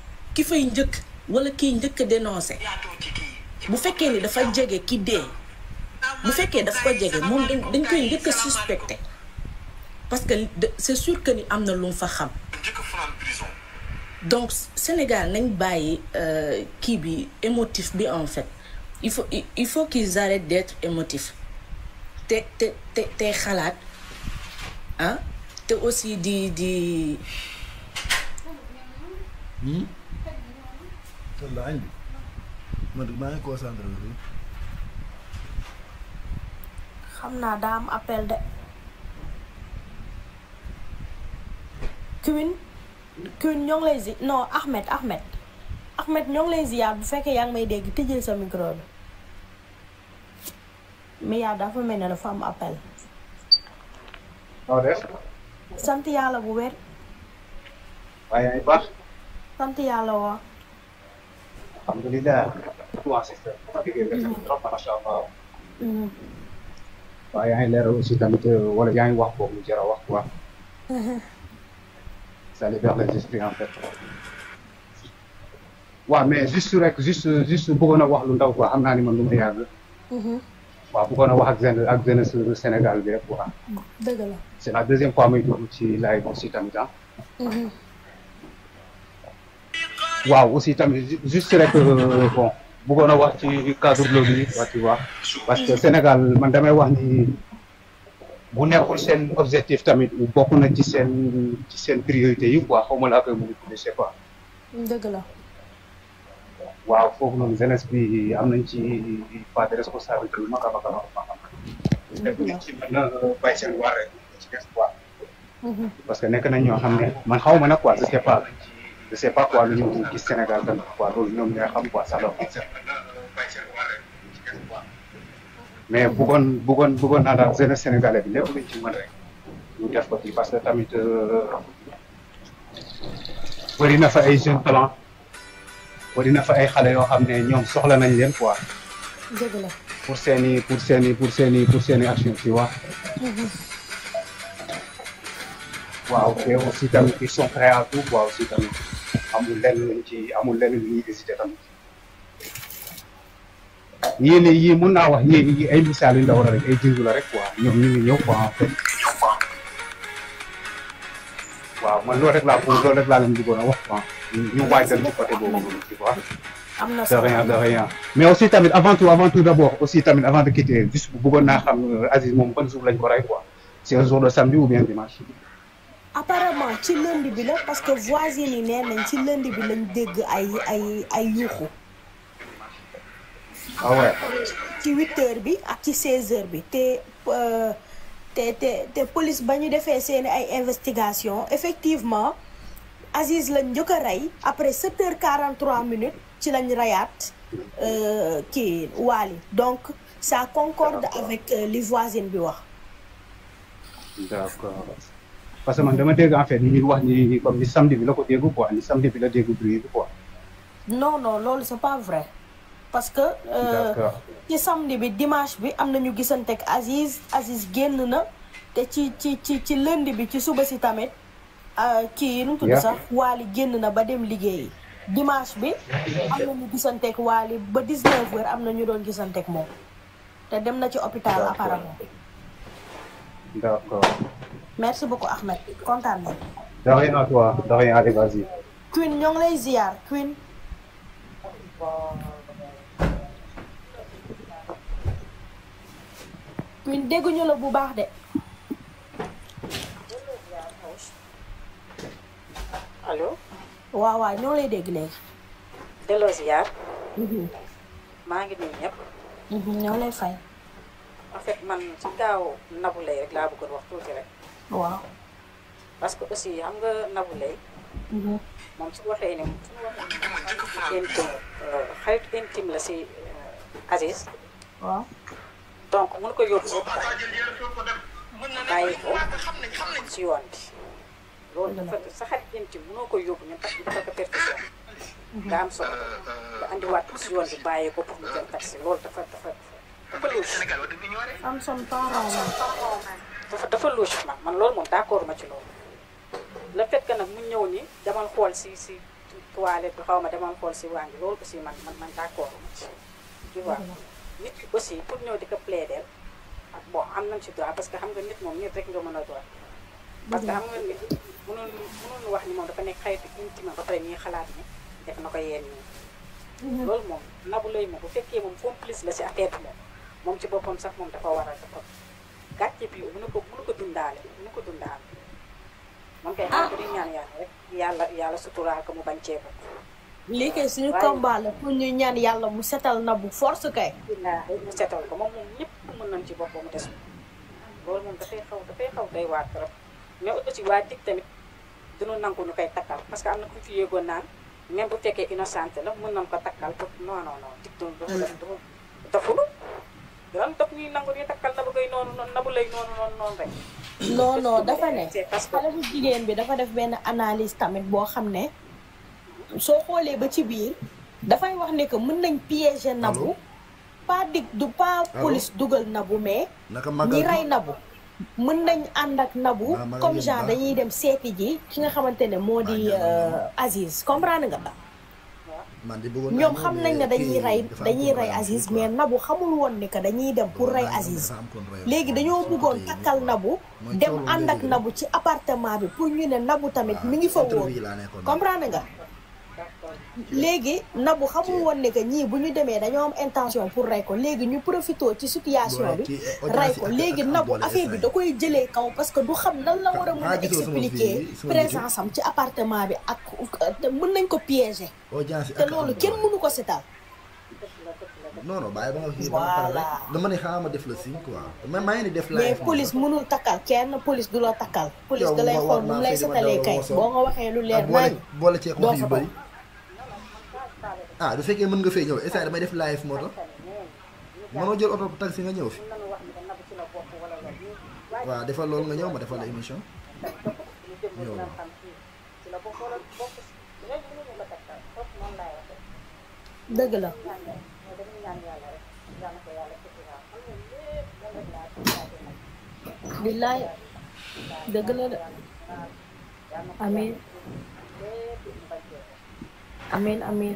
[SPEAKER 1] ki fay dénonce. wala faites njëkk a dénoncé bu fekkee ni qui dé. ki faites bu fekkee daf ko de moom dañ koy que a suspecté parce que c'est sûr que ni am na lu fa donc Sénégal nañ pas qui euh, bi émotif bi en fait il faut il faut qu'ils arrêtent d'être émotifs te te te te xalaat
[SPEAKER 5] ah te aussi di di. Hmm? loolu
[SPEAKER 1] xam naa daa am appel de. Queen Queen lay zi non Ahmed Ahmed Ahmed ñoo lay ziyaar bu fekkee yaa ngi may dégg tëjee sa micro mais yaa dafa mel ne dafa am appel. sant yàlla bu wér. sant yàlla waa.
[SPEAKER 6] alhamdulillah waa système trop macha allah waaw yaa ngi leeral aussi tamit wala yaa ngi wax boobu lu jar a wax quoi ça libère les esprits en fait waaw mais juste rek juste juste bëggoon a wax lu ndaw quoi xam naa ni man lu ma yàgg waaw bëggoon a wax ak jeune ak jeune Sénégal bi rek quoi dëgg la c'est la deuxième fois may dugg ci live aussi tamit ah waaw aussi tamit juste rek euh, bon bëggoon a wax ci cadre bi waa tu vois parce que Sénégal man damay wax ni bu nekkul seen objectif tamit bokk na ci seen seen priorité yi quoi xaw ma la affaire bu je pas. la. waaw foofu noonu jeunesse bi am nañ ci part de responsabilité bu mag a parce que nekk nañ ñoo xam ne man xaw ma nag quoi je sais pas. je sais pas quoi le ñu gis Sénégal tam quoi loolu ñoom ñooy xam quoi ça leur mais bëggoon bëggoon bëggoon naa daal jeunesse sénégalais bi lépp luñ ci mën rek ñu def ko ci parce que tamit bëri na fa ay jeunes talents bëri na fa ay soxla nañ leen quoi la pour seni pour seni pour pour action tu vois aussi ils sont prêts à tout quoi aussi amul len luñ ci amul len lu hésiter tam tamit yi yii naa wax yéen ay misaal yu ndaw la rek ay jéego la rek quoi ñoom ñu ngi ñëw quoi en fait waaw man loolu rek laa ko loolu rek laa leen bëggoon a wax quoi ñu waajal ci côté
[SPEAKER 4] boobu tu vois. am na de rien de rien
[SPEAKER 6] mais aussi tamit avant tout avant tout d' abord aussi tamit avant de quitter juste bëggoon naa xam euh, Aziz moom ban jour lañ ko rey quoi c' est un jour de samedi ou bien dimanche
[SPEAKER 1] apparemment ci lënd bi la parce que voisine yi nee nañ ci lënd bi lañ dégg ay ay ay yuxu ah ouais. ci huit heures bi ak ci seize heures bi te euh, te te te police ba ñu defee seeni ay investigation effectivement Aziz lañ njëkk a rey après sept heures quarante trois minutes ci lañ reyaat euh, ki Wali donc ça concorde avec euh, li voisine bi wax.
[SPEAKER 6] d'accord. parce que man dama dégg en fait ni ñuy wax ni comme ni samedi bi la ko dégg quoi ni bi la dégg bruit bi quoi.
[SPEAKER 1] non non parce que ci bi dimanche bi am na ñu ak Aziz Aziz génn na te ci ci ci ci lundi bi ci suba si tamit euh, kii nu mu sax Waly génn na ba dem liggéeyi dimanche bi am nañu gisante ak Waly ba 19h am na ñu doon gisanteek moom te dem na ci hôpital apparemment. merci beaucoup Ahmed kontaan nañu.
[SPEAKER 6] de rien à toi
[SPEAKER 1] ñoo ngi lay ziar Queen. Queen dégguñu la bu baax de. alo waaw waaw ñoo lay dégg léegi.
[SPEAKER 3] delloo ziar. Mhm. maa ngi nuyu ñëpp.
[SPEAKER 1] Mhm, ñoo lay fay.
[SPEAKER 3] en fait man ci gaaw Nabou Leye rek laa bëggoon wax tuuti rek. waaw parce que aussi xam nga Nabou Leye mhm. moom su waxee ne intime euh, xarit intime la si euh, Aziz waaw donc mun ko yóbbu soo bàyyi ko si yoon bi loolu dafa sa xarit intime mënoo ko yóbbu ne tax dafa ko perfusion mhm. nga am solo euh, nga andiwaat ko si yoon bi bàyyi ko pour mu jël taxi loolu dafa dafa dafa loolu am son parent dafa dafa louche man man loolu moom d'accord ma ci loolu la fait que nag mu ñëw ni demal xool si si toilette bi xaw ma demal xool si waa bi loolu aussi man man man d'accord ma ci tu vois mhm. nit ki aussi pour ñëw di ko plaider ak bon am nañ ci droit parce que xam nga nit moom nit rek nga mën a doon parce que mhm. xam nga nit mënul wax ni moom dafa nekk xarit intime ba pare ñuy xalaat ni def na ko yéen ñi mhm. loolu moom nabu lay moom bu fekkee moom complice la si affaire bi moom moom ci boppam sax moom dafa war a dafa gàcce bi mu ko mu ko dundale mu ko dundale man ah. kay xam ko di ñaan yalla eh, rek eh, yalla yalla sutura ko mu bañ ko
[SPEAKER 1] li kay suñu combat la pour ñu ñaan yalla mu setal na bu force kay
[SPEAKER 3] mu setal ko mom ñepp mu mën nañ ci boppam des loolu moom dafay xaw dafay xaw day waar trop mais ci waat dik tamit dañu nangu ñu koy takkal parce que amna ku fi yego naan même bu fekkee innocente la mu nañ ko takkal ko non non non dig do do do dal daf ñuy nangu ni takkal nabu gay noonu noonu nabu lay noonu noonu noonu rek. non
[SPEAKER 1] non dafa ne xale bu jigéen bi dafa def benn analise tamit boo xam ne soo xoolee ba ci biir dafay wax ne que mën nañ piéger nabu pas dig du pas police dugal nabu mais ñi rey nabu mën nañ ànd ak nabu comme genre dañuy dem seeti ji ki nga xamante ne moo di euh, Aziz comprendre nga ba
[SPEAKER 5] ñoom xam nañ ne dañuy rey dañuy rey
[SPEAKER 1] Aziz mais Nabou xamul woon ni que dañuy dem pour rey Aziz léegi dañoo bëggoon takkal Nabou dem ànd ak Nabou ci apartement bi pour ñu ne Nabou tamit mu ngi fa woon comprendre nga léegi nabu xamul woon ne ñii bu ñu demee dañoo am intention pour rey ko léegi ñu profité ci situation bi rey ko léegi nabu affaire bi da koy jëlee kaw parce que du xam lan la war a mën a expliquer présence am ci appartement bi ak mën nañ ko piéger te loolu kenn mënu ko setal
[SPEAKER 5] non non bàyyi ba nga. voilà dama ne xaaral ma def lu signe quoi. man maa ngi def la mais police
[SPEAKER 1] mënul takkal kenn police du
[SPEAKER 5] la takkal. police da lay xool boo nga waxee lu leer nañ. boole boole ceeb wax ah du fekkee mën nga fee ñëw instant damay def live moto tax
[SPEAKER 3] mënoo jël auto taxi nga ñëw fi waaw
[SPEAKER 5] defal loolu nga ñëw ma defal émission
[SPEAKER 3] ñëw dëgg
[SPEAKER 1] la billaay dëgg la de amin amin amin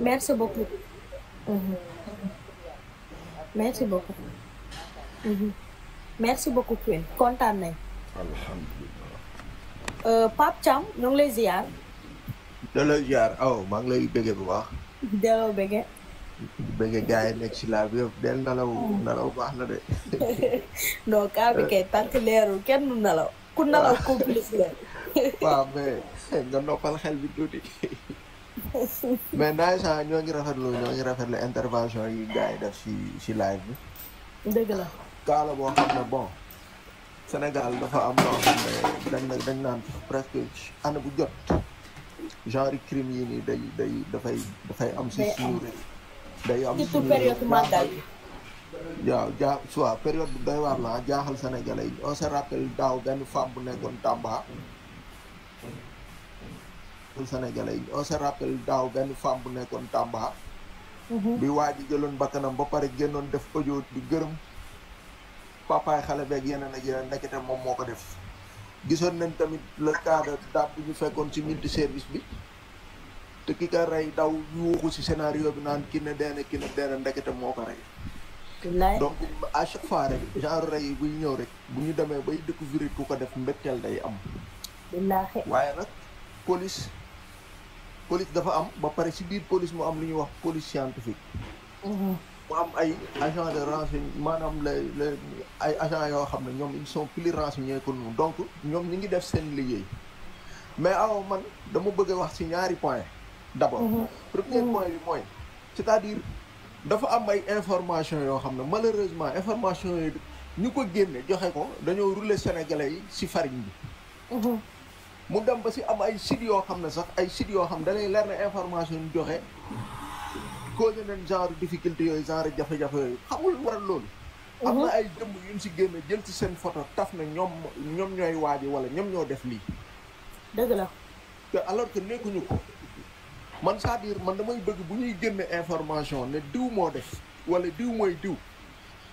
[SPEAKER 1] Merci beaucoup. Mmh. Merci beaucoup. Mmh. Merci beaucoup Queen kontaan nañ.
[SPEAKER 5] alhamdulilah.
[SPEAKER 1] Euh, Pape Thiam ñu ngi lay ziar.
[SPEAKER 7] da lay ziar aw oh, maa ngi lay bëggee bu baax.
[SPEAKER 1] delloo bëggee.
[SPEAKER 7] bëggee nekk si laa bi del nalaw nalaw baax na de.
[SPEAKER 1] non kaa bi euh. kay kenn du nalaw. ku nalaw complice la.
[SPEAKER 7] waaw mais nga noppal xel bi tuuti. mais naaj sax ñoo ngi rafetlu ñoo ngi rafetlu intervention yi gars yi def ci live bi. dëgg la. kaala boo xam ne bon Sénégal dafa am loo xam ne dañ naan presque année bu jot genre crime yi nii day dafay dafay am si suñu day am surtout période màggal waaw jaa période bu doy waar la jaaxal sénégalais yi on se rappelle daaw benn femme bu nekkoon Tamba. sénégalais yi on se rappelle daaw benn femme bu nekkoon Tamba. Mhm. bi waa ji jëloon bakkanam ba pare génnoon def audio di gërëm papaay xale beeg yeneen ak yeneen nekkite moom moo ko def gisoon nañ tamit la cas de daab bi ñu fekkoon ci multi service bi te ki ka rey daw yuuxu ci scénario bi naan ki ne deene ki ne deene ndekete moo ko
[SPEAKER 1] rey donc
[SPEAKER 7] à chaque rek genre rey yi buy ñëw rek bu ñu demee bay découvrir ku ko def mbetteel day am waaye nag police police dafa am ba pare si biir police mu am lu ñuy wax police scientifique.
[SPEAKER 5] Mhm. mu am
[SPEAKER 7] ay agent de renseignement maanaam les les ay agents yoo xam ne ñoom ils sont plus renseignés que nous donc ñoom ñu ngi def seen liggéey mais aw man dama bëgg a wax si ñaari point d'abord. Mhm. premier mhm. point bi mooy cest à dafa am ay information yoo xam ne malheureusement information yooyu ñu ko génne joxe ko dañoo rouler sénégalais yi si farine bi. mu dem ba si am ay sites yoo xam ne sax ay sites yoo xam ne lay leer ne information yu joxe causé nañ genre difficulté yooyu genre jafe-jafe yooyu xamul waral loolu. Mhm. am na ay jëmm yu ñu si génne jël ci seen photo taf na ñoom ñoom ñooy waaji wala ñoom ñoo def lii. dëgg la. te alors que nekkuñu ko man c'est-à-dire man damay bëgg bu ñuy génne information ne diw moo def wala diw mooy diw.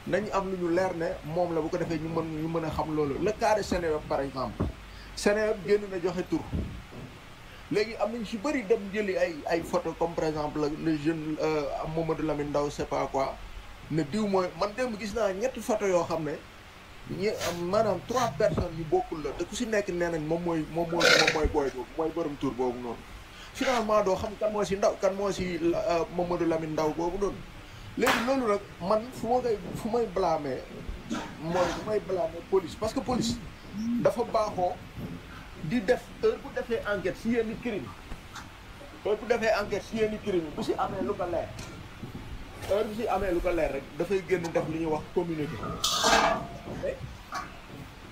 [SPEAKER 7] nañu am lu ñu leer ne moom la bu ko defee ñu mën ñu mën xam loolu le cas de par exemple. Sénégal génn na joxe tur léegi am nañ si bëri dem jëli ay ay photo comme par exemple le jeune euh, Mamadou Lamine Ndaw c'est pas quoi ne diw mooy man démb gis naa ñetti photo yoo xam ne ñi maanaam trois personnes yu bokkul la te ku si nekk nee nañ moom mooy moom mooy moom mooy booy boobu mooy borom tur boobu noonu finalement doo xam kan moo si ndaw kan moo si euh, Mamadou Lamine Ndaw boobu noonu léegi loolu nag man fu ma koy fu may blâmer mooy fu may blâmer police parce que police dafa baaxoo di def heure bu defee enquête si yenn crime heure bu defee enquête si yenn crime bu si amee lu ko leer heure si amee lu ko leer rek dafay génn def lu ñuy wax communiqué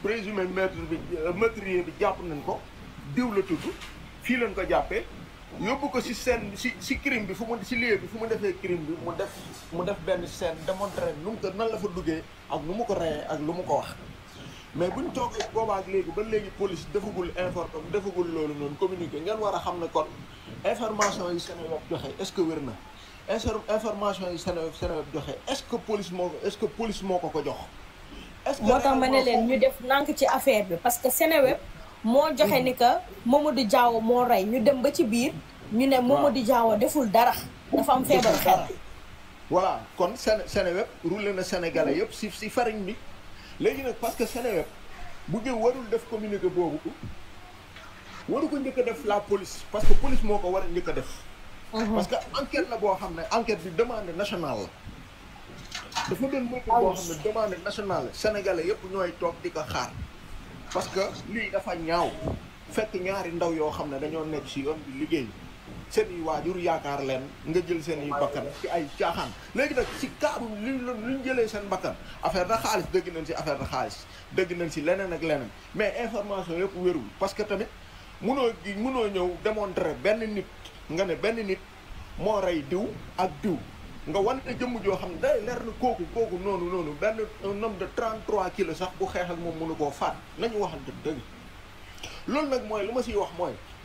[SPEAKER 7] présumé maître bi euh, meurtrier bi jàpp nañ ko diw la fii lañ ko jàppee yóbbu ko si scène si si crime bi fu mu si lieu bi fu mu defee crime bi mu def mu def benn scène démontré nu mu ko nan la fa duggee ak nu mu ko reyee ak lu mu ko wax mais buñ toogee boobaak léegi ba léegi police defagul informe defagul loolu noonu communiqué ngeen war a xam ne kon information yi Seneweb joxe est-ce que wér na information yi Seneweb Seneweb joxe
[SPEAKER 1] est-ce que police moo est que police moo ko ko jox est que moo tax ma ne leen ñu def nànk ci affaire bi parce que Seneweb moo joxe ni que Mamadou Diaw moo rey ñu dem ba ci biir ñu ne Mamadou Diaw deful dara dafa am feebar xel
[SPEAKER 7] voilà kon Seneweb roulé na Sénégalais yëpp si si fariñ bi léegi nag parce que Seneweb bu ngeen warul def communiqué boobu waru ko njëkk def la police parce que police moo ko war a njëkk a def. Uh-huh. parce que enquête la boo xam ne enquête bi demande nationale la. dafa doon mbir boo xam ne demande nationale la. sénégalais yëpp ñooy toog di ko xaar parce que lii dafa ñaaw fekk ñaari ndaw yoo xam ne dañoo nekk si yoon bi liggéey. seen yi waajur yaakaar leen nga jël seen i bakkan ci ay caaxaan léegi nag si kaabu lu ñu jëlee seen bakkan affaire da xaalis dëgg nañ si affaire da xaalis dëgg nañ si leneen ak leneen mais information yëpp wérul parce que tamit munoo munoo ñëw démontrer benn nit nga ne benn nit moo rey diw ak diw nga wan ne jëmm joo xam ne day leer na kooku kooku noonu noonu benn nom homme de 33 kilos sax bu xeex ak moom mënu koo faat nañu waxante dëgg loolu nag mooy lu ma si wax mooy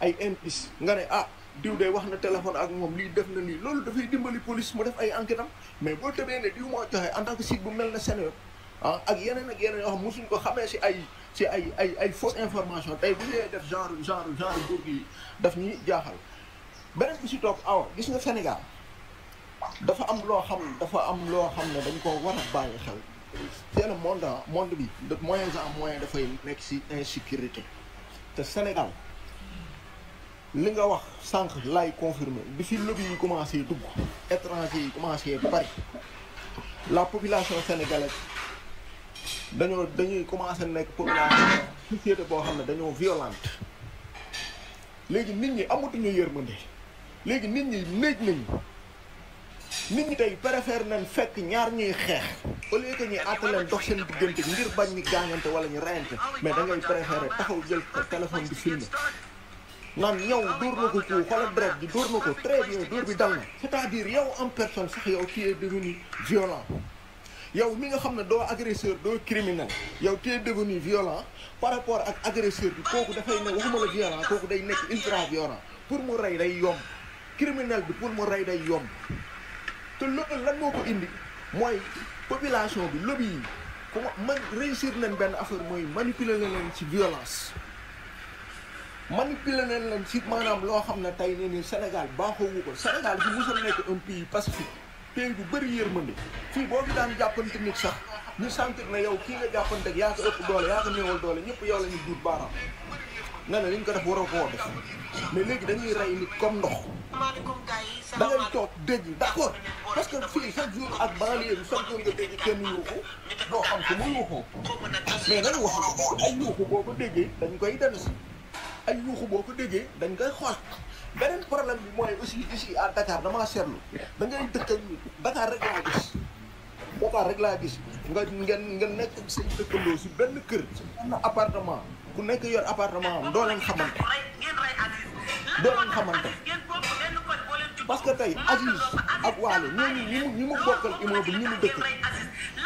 [SPEAKER 7] ay indice nga ne ah diw de wax na téléphone ak moom lii def na nii loolu dafay dimbali police mu def ay enquête mais boo tëbee ne diw moo joxe en tant que site bu mel ne Seneweb ah ak yeneen ak yeneen yoo xam mosuñ ko xamee si ay si ay ay ay fausse information tey bu ñëwee def genre genre genre góor gi daf ñuy jaaxal beneen bi si toog awa gis nga Sénégal dafa am loo xam dafa am loo xam ne dañ ko war a bàyyi xel teel monde monde bi de moyens en moyen dafay nekk si insécurité te Sénégal li nga wax sànq laay confirmer bi fi lobby yi commencé dugg étranger yi commencé bari la population sénégalaise dañoo dañuy commencé nekk population société boo xam ne dañoo violente léegi nit ñi amatuñu yërmande léegi nit ñi néeg nañ nit ñi tey préfère nañ fekk ñaar ñuy xeex au lieu que ñuy àtte leen dox seen diggante ngir bañ ñu gaañante wala ñu rayante mais da ngay préféré taxaw jël téléphone di filmer naan yow dóor na ko kii xoolal dret bi dóor na ko très bien dóor bi dal na c'est-à-dire yow en personne sax yow tu es devenu violent yow mi nga xam ne doo agresseur doo criminel yow tu es devenu violent par rapport ak agresseur bi kooku dafay ne waxuma la violent kooku day nekk ultra violent pour mu rey day yomb criminel bi pour mu rey day yomb te loolu lan moo ko indi mooy population bi lobby yi ku man réussir nañ benn affaire mooy manipuler na leen ci man manipuler nañ leen si maanaam loo xam ne tey ne ni Sénégal baaxoowu ko Sénégal bu mos a nekk un pays pacifique pays bu bëri yërmande fii boo fi daan jàppante nit sax ñu sentir na yow kii nga jàppante ak yaa ko ëpp doole yaa ko néewal doole ñëpp yow la ñu duut baaraam nga ne li ko def waroo koo def mais léegi dañuy rey nit comme ndox da ngay toog dëj d' accord parce que fii chaque jour ak banlieue bi chaque jour nga dégg kenn yuuxu doo xam ko mu yuuxu mais dañu wax ay yuuxu boo ko déggee dañ koy dellu si ay yuuxu boo ko déggee dañ koy xool beneen problème bi mooy aussi ici à Dakar damaa seetlu da ngay dëkk ak Dakar rek laa gis Dakar rek laa gis nga ngeen ngeen nekk seen dëkkandoo si benn kër si benn appartement ku nekk yor appartement am doo leen xamante doo leen xamante parce que tey Aziz ak Waly ñooñu ñi mu ñi mu bokkal immeuble ñi mu dëkk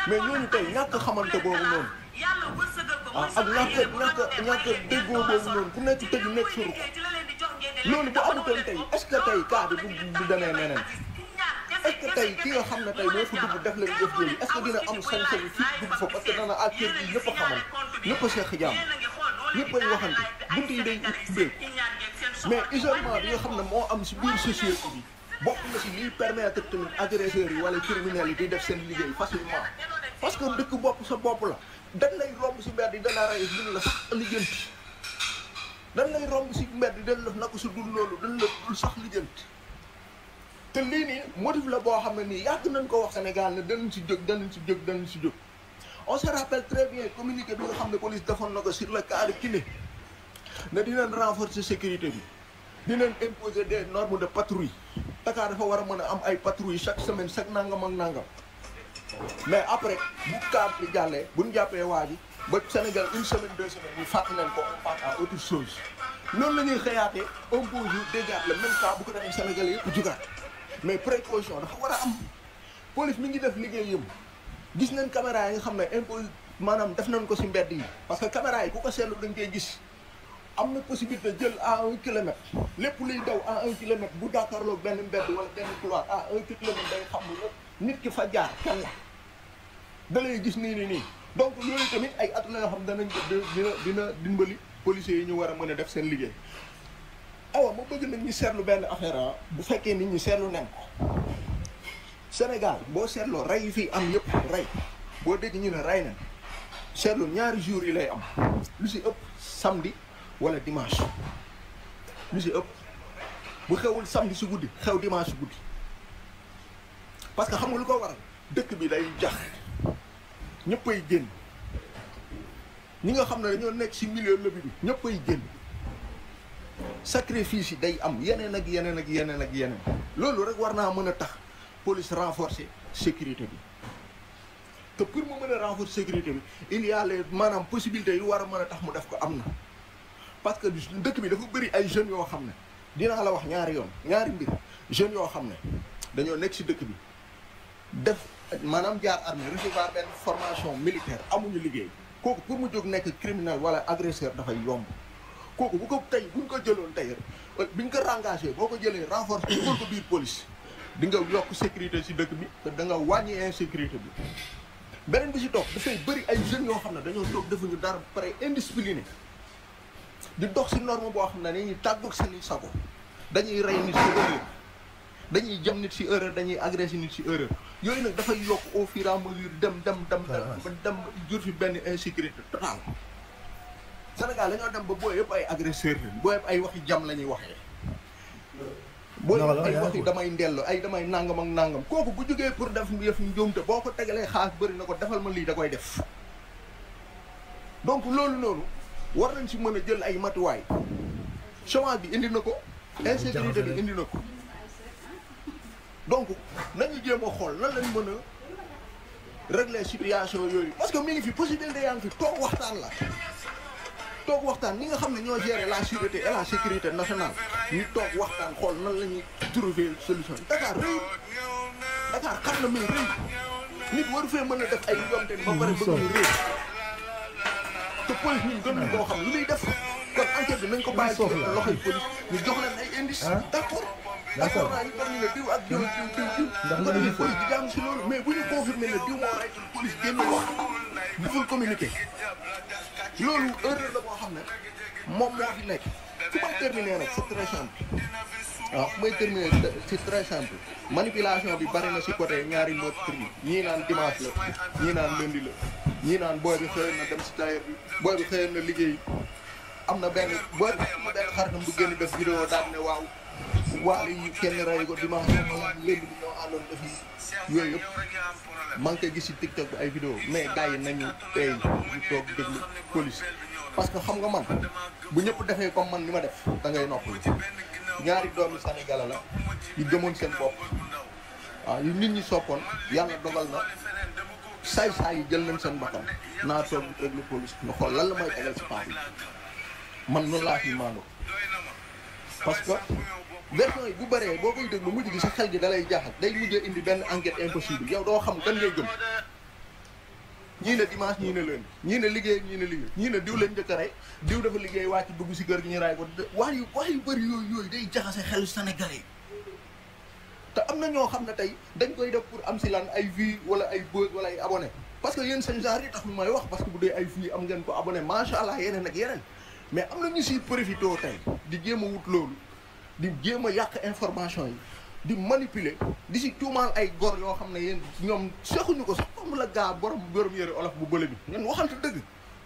[SPEAKER 7] mais ñooñu tey ñàkk xamante boobu noonu
[SPEAKER 8] yàlla wërsëgal
[SPEAKER 7] ko. Ah, mooy sama yéene bu doon def ñàkk a déggoo boobu noonu ku nekk tëj nekk suñu loolu bu amutoon tey est-ce que tey cas bi du du demee neneen est-ce que tey xam ne tey moo fi dugg def leen jëf jooju est-ce que dina am sañ-sañ fi dugg fa parce que dana ak kër gi ñëpp a xamal ñëpp a seq jàmm ñëpp ay waxante bunt yi day ubbeeku mais isolement bi nga xam ne moo am si biir société bi bokk na si liy permettre tamit agresseurs yi wala yi di def seen liggéey facilement parce que dëkk bopp sa bopp la. dañ lay romb si mbedd yi dana rey dun la sax lijjanti dañ lay romb si mbedd yi dañ la naka su dul loolu dañ la dul sax lijjanti te lii nii motif la boo xam ne nii yàgg nañ ko wax Sénégal ne danañ si jóg danañ si jóg danañ si jóg on se rappelle très bien communiqué bi nga xam ne police defoon na ko sur le cas de Kiné ne dinañ renforcer sécurité bi dinañ imposer des normes de patrouille Dakar dafa war a mën a am ay patrouille chaque semaine chaque nangam ak nangam mais après bu cas bi jàllee bu ñu jàppee waa ji ba Sénégal une semaine deux semaines ñu fàttali leen ko on passe autre chose noonu la ñuy xëyaatee un beau jour la le même cas bu ko defee Sénégalais yëpp jugaat mais précaution dafa war a am police mi ngi def liggéey liggéeyam gis nañ caméra yi nga xam ne impose maanaam def nañ ko si mbedd yi parce que caméra yi ku ko seetlu dañ koy gis am na possibilité jël à un kilomètre lépp luy daw à un kilomètre bu jàkkaarloog benn mbedd benn couloir à un kilomètre day xam lu nit ki fa jaar kan la da lay gis nii ni nii donc loolu tamit ay at la yoo xam dana dina dina dimbali policiers yi ñu war a mën a def seen liggéey awa ma bëgg nag ñu seetlu benn affaire ah. bu fekkee nit ñi seetlu nañ ko Sénégal boo seetloo ray yi fii am yëpp ray boo dégg ñu ne ray nañ seetlu ñaari jours yi lay am lu si ëpp samedi wala dimanche lu si ëpp bu xewul samedi su guddi xew dimanche si guddi parce que xam nga lu ko waral dëkk bi day jax ñëppay génn ñi nga xam ne dañoo nekk si milieu lobby bi ñëppay génn sacrifice yi day am yeneen ak yeneen ak yeneen ak yeneen loolu rek war naa mën a tax police renforcer sécurité bi te pour mu mën a renforcer sécurité bi il y a les maanaam possibilités yu war a mën a tax mu def ko am na parce que dëkk bi dafa bëri ay jeunes yoo xam ne dinaa la wax ñaari yoon ñaari mbir jeunes yoo xam ne dañoo nekk si dëkk bi def maanaam jaar armée recevoir benn formation militaire amuñu liggéey kooku pour mu jóg nekk criminel wala agresseur dafay yomb kooku bu ko tey buñ ko jëloon tey biñ ko engagé boo ko jëlee renforcer dugal ko biir police di nga yokk sécurité si dëkk bi te da nga wàññi insécurité bi beneen bi si toog dafay bëri ay jeunes yoo xam ne dañoo toog defuñu dara pare indiscipliné di dox si norme boo xam ne dañuy tàggook seen i sago dañuy rey nit si dañuy jëm nit si erreur dañuy agressé nit si erreur yooyu nag dafay yokk au fur et à mesure dem dem dem. dem dem jur fi benn insécurité totale. Sénégal dañoo dem ba boo yëpp ay agresseur lañ booy yëpp ay waxi jam la ñuy waxee.
[SPEAKER 4] booy ay waxi
[SPEAKER 7] damay ndell ay damay nangam ak nangam kooku bu jógee pour def yëf njuumte boo ko tegalee xaas bëri na ko defal ma lii da koy def. donc loolu noonu war nañ si mën a jël ay matuwaay chômage bi indi na ko. insécurité bi indi na ko. donc nañu jéem a xool lan lañ mën a régler situation yooyu parce que mi ngi fi possibilité yaa ngi fi toog waxtaan la toog waxtaan ñi nga xam ne ñoo gérer la sûreté et la sécurité nationale ñu toog waxtaan xool nan la ñuy trouver solution Dakar rëy Dakar xam na muy rëy nit waru fee mën a def ay yomte ba pare bëgg ñu te police ñun gën koo xam lu muy def kon enquête nañ ko bàyyi ci loxoy police ñu jox leen ay indice ah. d'accord d'accord d'accord ñu toog ñu ne diw ak diw diw si loolu mais bu ñu confirmé ne diw moo rey police génn loolu la boo xam ne moom moo fi nekk fu may terminer rek c'est très simple waaw fu may terminer c'est très simple manipulation bi bari na si côté ñaari meurtre yi ñii naan dimanche la ñii naan lundi la ñii naan booy bi xëyoon na dem si tailleur bi booy bi xëyoon na liggéey am na benn booy bi am na xaritam bu génn def vidéo daal ne waaw. waale yi kenn ray ko dimanche moom léegi ñoo àndoon def maa ngi koy gis si TikTok bi ay vidéo mais gars yi nañu tey ñu toog déglu police parce que xam nga man bu ñëpp defee comme man li ma def da ngay noppalu ñaari doomi Sénégal la yu gëmoon seen bopp waaw ah, yu nit ñi soppoon yàlla dogal na saay saay yi jël nañ seen bakkan naa toog déglu police nga xool lan la may tegal si paas yi man noonu laa fi maandoo parce que. version yi bu baree boo koy déglu mujj gi sa xel gi dalay jaaxal day mujjee indi benn enquête impossible yow doo xam kan ngay gëm ñii ne dimanche ñii ne lundi ñii ne liggéey ñii ne liggéey ñii ne diw leen njëkk a rey diw dafa liggéey wàcc dugg si kër gi ñu raay ko wax yu wax yu bëri yooyu yooyu day jaxase xelu Sénégalais te am na ñoo xam ne tey dañ koy def pour am si lan ay vues wala ay buzz wala ay abonné parce que yéen seen genre yi tax may wax parce que bu dee ay vues am ngeen ko abonné macha allah yeneen ak yeneen mais am na ñu siy profité tey di jéem a loolu di jéem a yàq information yi di manipuler di si tuumaal ay gor yoo xam ne yéen ñoom seexuñu ko sax comme la gaa borom borom yére olof bu bële bi ngeen waxante dëgg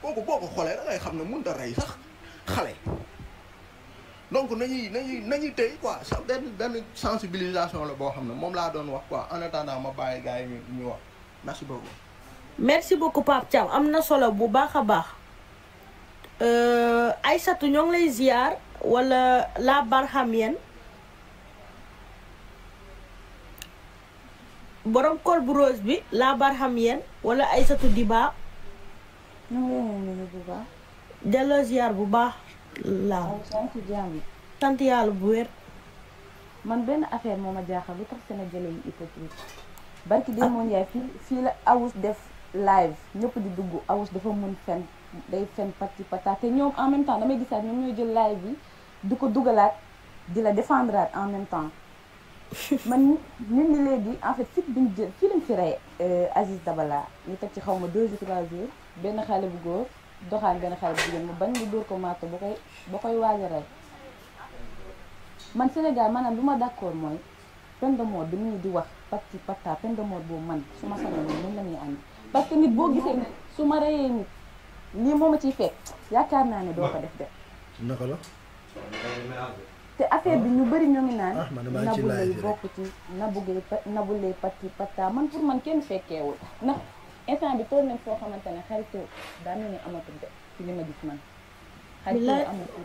[SPEAKER 7] kooku boo ko xoolee da xam na mun a rey sax xale donc nañuy nañuy nañuy tey quoi sa benn benn sensibilisation la boo xam ne moom laa doon wax quoi en attendant ma bàyyi gars yi ñu wax merci beaucoup.
[SPEAKER 1] merci beaucoup Pape Thiam am na solo bu baax a baax euh, Aïssatou ñoo ngi lay ziar. wala la barhamienne borom col bu rose bi la barhamienne wala Aysatu Diba. delloo ziar bu baax laa. sant yàlla bu wér. man benn affaire moom a jaaxal lu tax sénégalais yi hypocrite barki de moo njaay fii fii la awus def live ñëpp di dugg awus dafa mën fen day fen pati pata te ñoom en même temps damay gisaat ñoom ñooy jël live bi du ko la défendre en même temps man nit en fait fit biñ fi euh, Aziz Dabala ñu teg ci xaw deux ou trois jours benn xale bu góor doxaan benn bu jigéen mu bañ dóor ko koy a man Sénégal maanaam d'accord mooy peine de mort bi di wax parti parta peine de mort boobu ma la parce que nit boo ma reyee nit lii yaakaar naa ne
[SPEAKER 5] ko def
[SPEAKER 1] te affaire bi ñu bëri ñoom naan. ah man damaa ci laaj rek bokk ci nabu gay nabu lay pati pata man pour man kenn fekkeewul ndax instant bi toll nañ foo xamante ne xaritoo daa mel ni amatul de ci li ma gis man. xaritoo amatul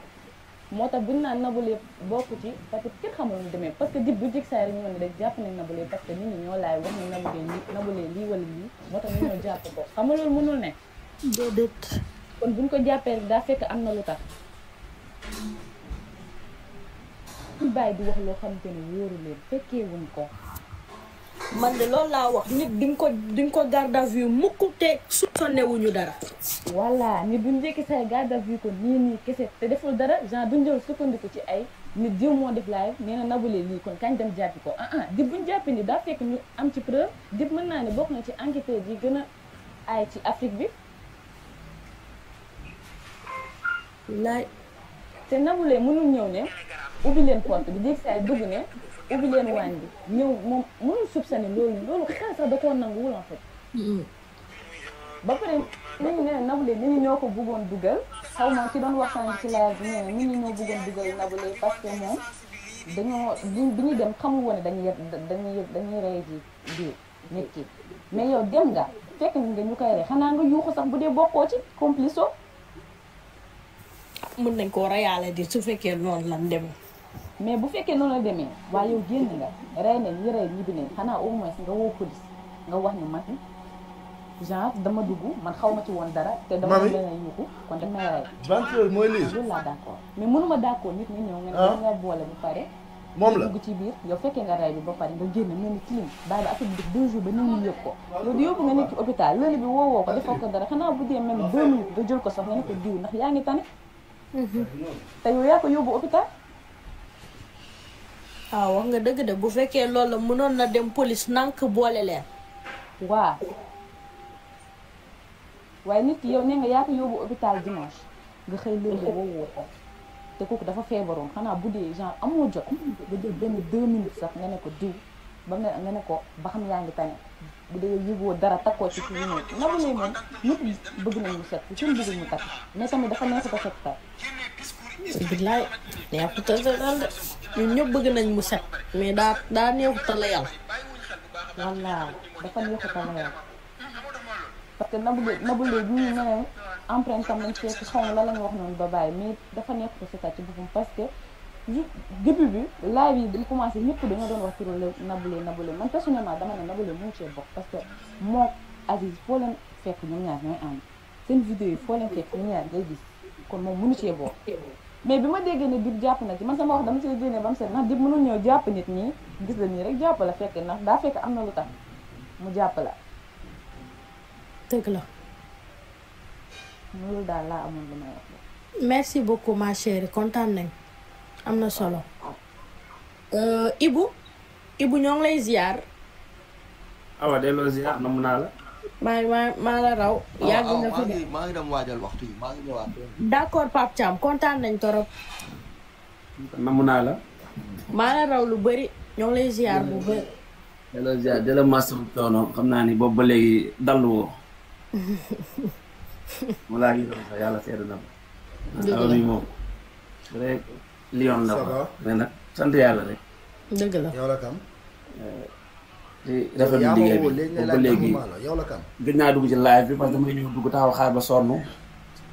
[SPEAKER 1] moo tax buñu naan nabu lay bokk ci parce que kenn xamul ñu demee parce que dib bu jig saa yi ñu ne dañ jàpp nañ nabu lay parce que nit ñi ñoo laay wax ni nabu gay lii nabu lay lii wala lii moo tax ñu ñoo jàpp ko xam mënul ne. déedéet. kon buñ ko jàppee daa fekk am na lu tax. bàyyi di wax loo xamante ne wóoru leen fekkee wuñ ko. man de loolu laa wax nit di ko di ko garde à vue mukk te soupçonné wuñu dara. voilà nit bu ñu njëkk say garde à vue ko nii nii kese te deful dara genre duñ jël sukkandiku ci ay nit diw moo def live nee na nabulee lii kon kañ dem jàppi ko ah ah di buñ jàppi ni daa fekk ñu am ci preuve di mën naa ne bokk na ci enquêteurs yi gën a aay ci Afrique bi. laaj te nabulee mënul ñëw ne. ubbi leen porte bi jéeg saay dugg ne ubbi leen waañ bi ñëw moom mënul soupçonné loolu loolu xel sax da koo nanguwul en fait mm-hmm. ba pare nit ñi ne Nabou Leye nit ñi ñoo ko bëggoon dugal xaw ma ci doon waxtaan ci laaj bi ne nit ñi ñoo parce que moom dañoo bi ñuy dem xamul woon ne dañuy dañuy dañuy rey ji biir nit ki mais yow dem nga fekk nga ñu koy rey xanaa nga yuuxu sax bu dee bokkoo ci complice o mën nañ koo reyaale di su fekkee noonu lan demee mais bu fekkee noonu la demee waaye yow génn nga rey nañ ñi rey ñibbi nañ xanaa au moins nga woo police nga wax ni man genre dama dugg man xaw ma ci woon dara. te dama leen a kon dañ may rey. vingt heures mooy lii loolu mais mënuma d' accord nit ñi ñëw nga ah. boole bu pare. moom la ci biir yow fekkee nga rey bi ba pare nga génn mel ni clim bàyyi ba affaire bi deux jours ba nit yëpp ko loolu yóbbu nga nekk ci hôpital loolu bi woowoo ko defoo ko dara xanaa bu dee même deux minutes nga jël ko sax nga ne ko diw ndax yaa ngi tane mhm. te yow yaa ko yóbbu hôpital waaw ah, wax nga dëgg de bu fekkee loolu la mënoon na dem police nank boole leer waaw waaye nit yow nee nga yaa ko yóbbu hôpital dimanche nga xëy léegi woo ko te kooku dafa feebaroon xanaa bu dee genre amoo jot nga jël benn deux minutes sax ne ko diw ba nga nga ne ko ba xam yaa ngi tane bu dee yëgoo dara takkoo ci fi mu ne Nabou Leye moom ñëpp bëgg nañ mu set kenn bëggul mu takk mais tamit dafa neexut a set tey. bilaay neexut a setal de. ñun ñëpp bëgg nañ mu set mais daa daa neexut a layal wallaahi dafa neexut a layal parce que nabu léegi nabu léegi ñu ne leen empreinte am nañ fekk xaw ma la la ñu ba bàyyi mais dafa neexut a setal ci parce que ju début bi live yi dañ commencé ñëpp dañoo doon wax turu nabu léegi nabu léegi man personnellement dama ne nabu léegi mu ngi cee bokk parce que moo Aziz foo leen fekk ñu ñaar ñooy ànd seen vidéo yi foo leen fekk ñoom ñaar ngay gis kon moom mënu cee mais bi ma déggee ne dib jàpp na ci man sama wax dama see génne ba mu seet ndax dib mënul ñëw jàpp nit ñi gis la nii rek jàpp la fekk ndax daa fekk am na lu tam mu jàpp la dëgg la
[SPEAKER 3] loolu daal laa amoon lu ma wax
[SPEAKER 1] merci beaucoup ma chérie kontaan nañ am na solo euh, Ibu Ibu ñoo ngi lay ziar
[SPEAKER 8] awa delloo ziar namm naa la
[SPEAKER 1] maa maa la raw. yàgg na fi de
[SPEAKER 8] maa ngi dem waajal waxtu yi maa ngi ñëwaat.
[SPEAKER 1] d'accord kontaan nañ torop. namu naa la. maa la raw lu bari ñoo lay ziar
[SPEAKER 8] bu bëri. delloo ziar delloo masawu coono xam naa ni boobu ba léegi dallu woo. walaay li doon sax yàlla seetlu na ko. dëgg la lion la ko. mais nag sant yàlla rek. dëgg la rafetlu liggéey bi ba léegi kan? gëj dugg ci live bi parce que damay ñëw dugg taxaw xaar ba sonn.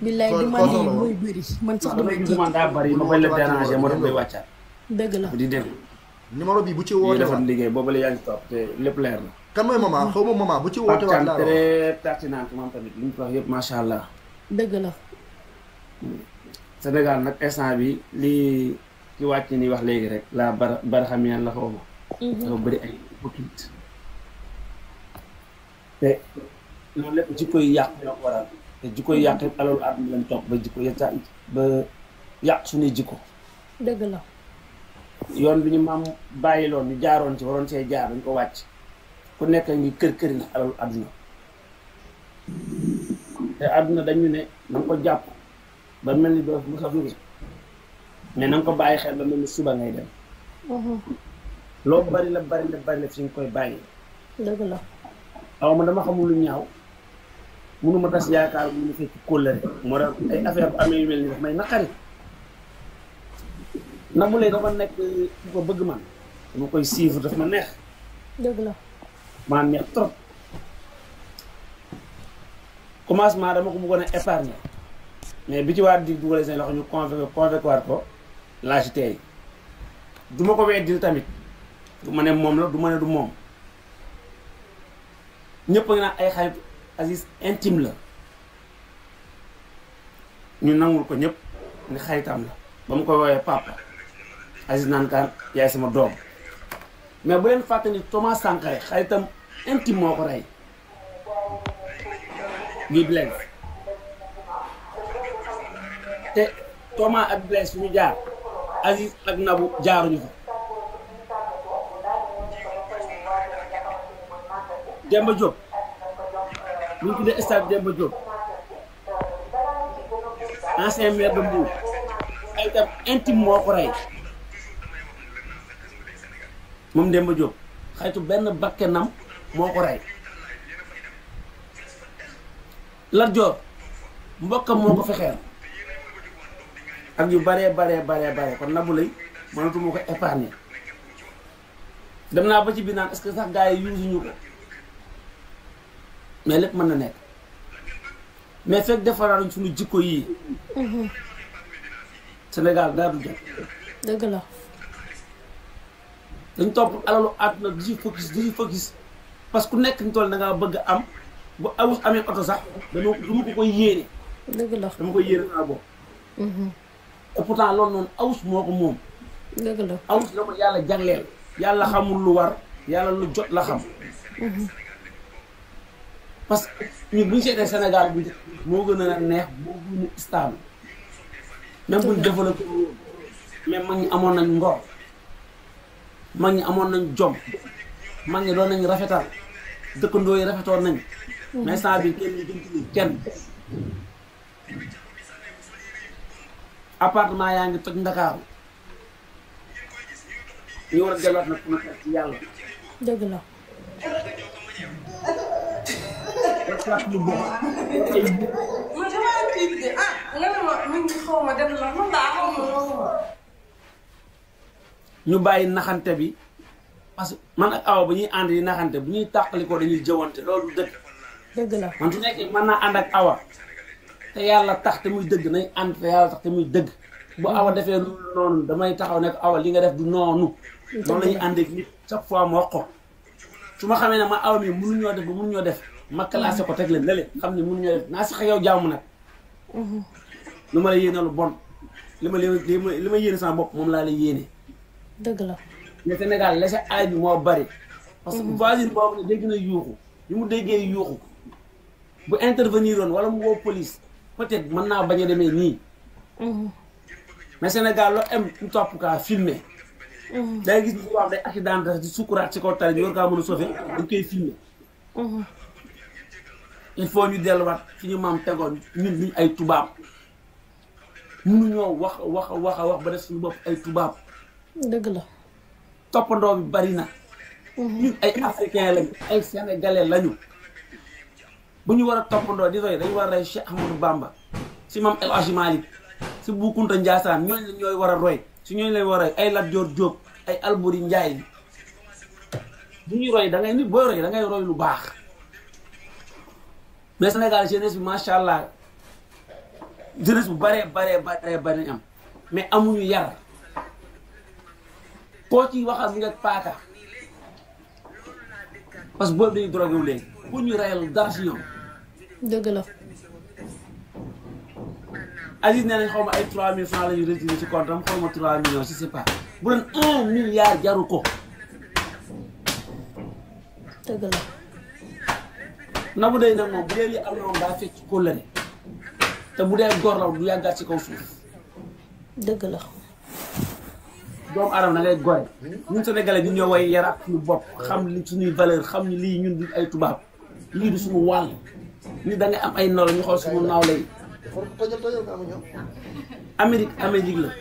[SPEAKER 5] billaay demande yi mooy bëri man sax damay jiitu
[SPEAKER 1] demande daa
[SPEAKER 8] bëri ma bañ la déranger moo tax may wàccaat.
[SPEAKER 1] dëgg la
[SPEAKER 5] di dem. numéro bi bu ci wootee waat ñuy liggéey boobu la yaa ngi topp te lépp leer na. kan mooy maman xaw ma maman bu ci wootee waat laa très
[SPEAKER 8] pertinent moom tamit li ñu ko wax yëpp macha allah. dëgg la. Sénégal nag instant bi lii ci wàcc ni wax léegi rek. la bar barxam yaan la xaw ma. Mhm. dafa bëri ay hypocrite te loolu lépp jikko yi yàq ñoo waral yi alalu àdduna lañ toog ba jikko yàq ba yàq suñuy jikko. dëgg la. yoon bi ñu ma bàyyi loon ñu jaaroon ci waroon see jaar dañ ko wàcc ku nekk ngi kër këri ndax alalu àdduna te àdduna dañu ne na nga ko jàpp ba mel ni doo mu saf ngi mais na nga ko bàyyi xel ba mel ni suba ngay dem. loo bari la bari la bari la fi nga koy bàyyi. dëgg la. xaw dama xamul lu ñaaw mënuma tas yaakaar bu ñu fekk kóllëre moo tax ay affaire bu amee yu mel nii daf may naqari Nabou Leye dafa nekk ku ko bëgg man dama koy suivre daf ma neex dëgg la maa neex trop commencement dama ko bëggoon a mais bi ci waat di dugal seen loxo ñu convoqué convoqué waat ko laa ci teey du ma ko weddil tamit du ne moom la du ma ne du moom ñëpp a ngi ay xarit Aziz intime la ñu nangul ko ñëpp ni xaritam la ba mu koy woowee papa Aziz naan yaay sama doom mais bu leen fàtte ni Thomas Sankara xaritam intime moo ko rey ñuy Blaise te Thomas ak Blaise fu jaar Aziz ak nabu jaaruñu fa Demba Diop ñu tuddee stade Demba Diop ancien maire de Mbour ay tam intime moko ray mom moom Demba Diop xaytu ben bakkenam moo ko rey Lat Dior mbokkam moo ko ak yu bare bare bare bare kon nabu lay manatu moko épargner dem naa ba ci bi est-ce que sax gaay yuñu yuusuñu ko mais lépp mën na nekk mais fekk defaraaruñ suñu jikko yii. Mhm. Sénégal daa du jot. dëgg la. dañ topp alalu àdduna du ci focus du ci focus parce que nekk ñu toll da ngaa bëgg am bu awus amee oto sax dama dama ko koy yéene. dëgg la dama koy yéene naa bopp. et mhm. pourtant noonu awus moo ko moom. dëgg la awus la ko yàlla jagleel. yàlla xamul lu war yàlla lu jot la xam. Mhm. parce que ñun bu ñu seetee Sénégal bu moo gën a neex moo gën a stable même bu ñu mag ñi amoon nañ ngor mag ñi amoon nañ jom mag ñi doon nañ rafetal dëkkandoo yi rafetoon nañ mais saa bi kenn gën kenn
[SPEAKER 1] yaa ngi toj Ndakaaru
[SPEAKER 8] ñu war a delluwaat nag yàlla
[SPEAKER 3] dëgg la man damaa
[SPEAKER 8] bàyyi naxante bi parce que man ak aw bu ñuy ànd di naxante bu ñuy tàqalikoo dañuy jëwante loolu dëgg. dëgg la man su nekkee mën naa ànd ak awa te yàlla tax te muy dëgg nañ ànd te yàlla tax te muy dëgg bu awa defee lu noonu damay taxaw nekk awa li nga def du noonu.
[SPEAKER 4] dëgg la loolu la ànd ak
[SPEAKER 8] nit chaque ma wax ko su ma xamee ne ma aw mi mënuñoo def ba mënuñoo def. ma classé ko teg leen leen xam ne mun ñoo def naa sax yow jaamu nag. lu ma la yéene lu bon li ma li ma yéene sama bopp moom laa la yéene. dëgg la. mais Sénégal la sa aay moo bari. parce que mm-hmm. voisine boobu ne dégg na yuuxu li mu déggee yuuxu bu intervenir woon wala mu woo police peut-être mën naa bañ a demee nii. Mm-hmm. mais Sénégal loo am ku topp kaa filmé. Mm-hmm. gis ni wax day accident di sukkuraat ci kaw tali ñu war kaa mën a sauver dañ koy filmé. il faut ñu delluwaat fi ñu maam tegoon ñun ñu ay mënu ñoo wax wax wax wax ba dess ñu bop ay tubab deug la. topando bi bari na. Mhm. ñun ay africain lañu ay sénégalais lañu. bu ñu war a di doy dañ wara a Cheikh amadou Bamba si mam El Hadji malik si Boukounta Ndiassane ñooñu la ñooy war a roy si ñoo lañ wara a ay Lat Dior Diop ay Alboury ndjay bu roy da ngay nit booy roy da ngay roy lu bax mais Sénégal jeunesse bi macha allah jeunesse bu bare baree baree bari nañ am mais amuñu yar koo ci waxal nga paaka parce que boobu dañuy drogué wu léegi pour ñu reyal dara si ñoom. dëgg la. nañ xaw ma ay 3000 francs la millions je sais pas bu doon 1 milliard jaru ko. Nabou Daye nag moom bu dee lii am na moom daa fekk kóllëre te bu dee gor la du yàggaat ci kaw suuf. dëgg la. doomu aadama da ngay gore ñun sénégalais ñu ñëw way yaraat yu bopp xam li suñuy valeur xam ni lii ñun du ay tubaab lii du suñu wàll ni da ngay am ay nolo ñu xool suñu nawle yi
[SPEAKER 5] Amérique Amérique
[SPEAKER 8] la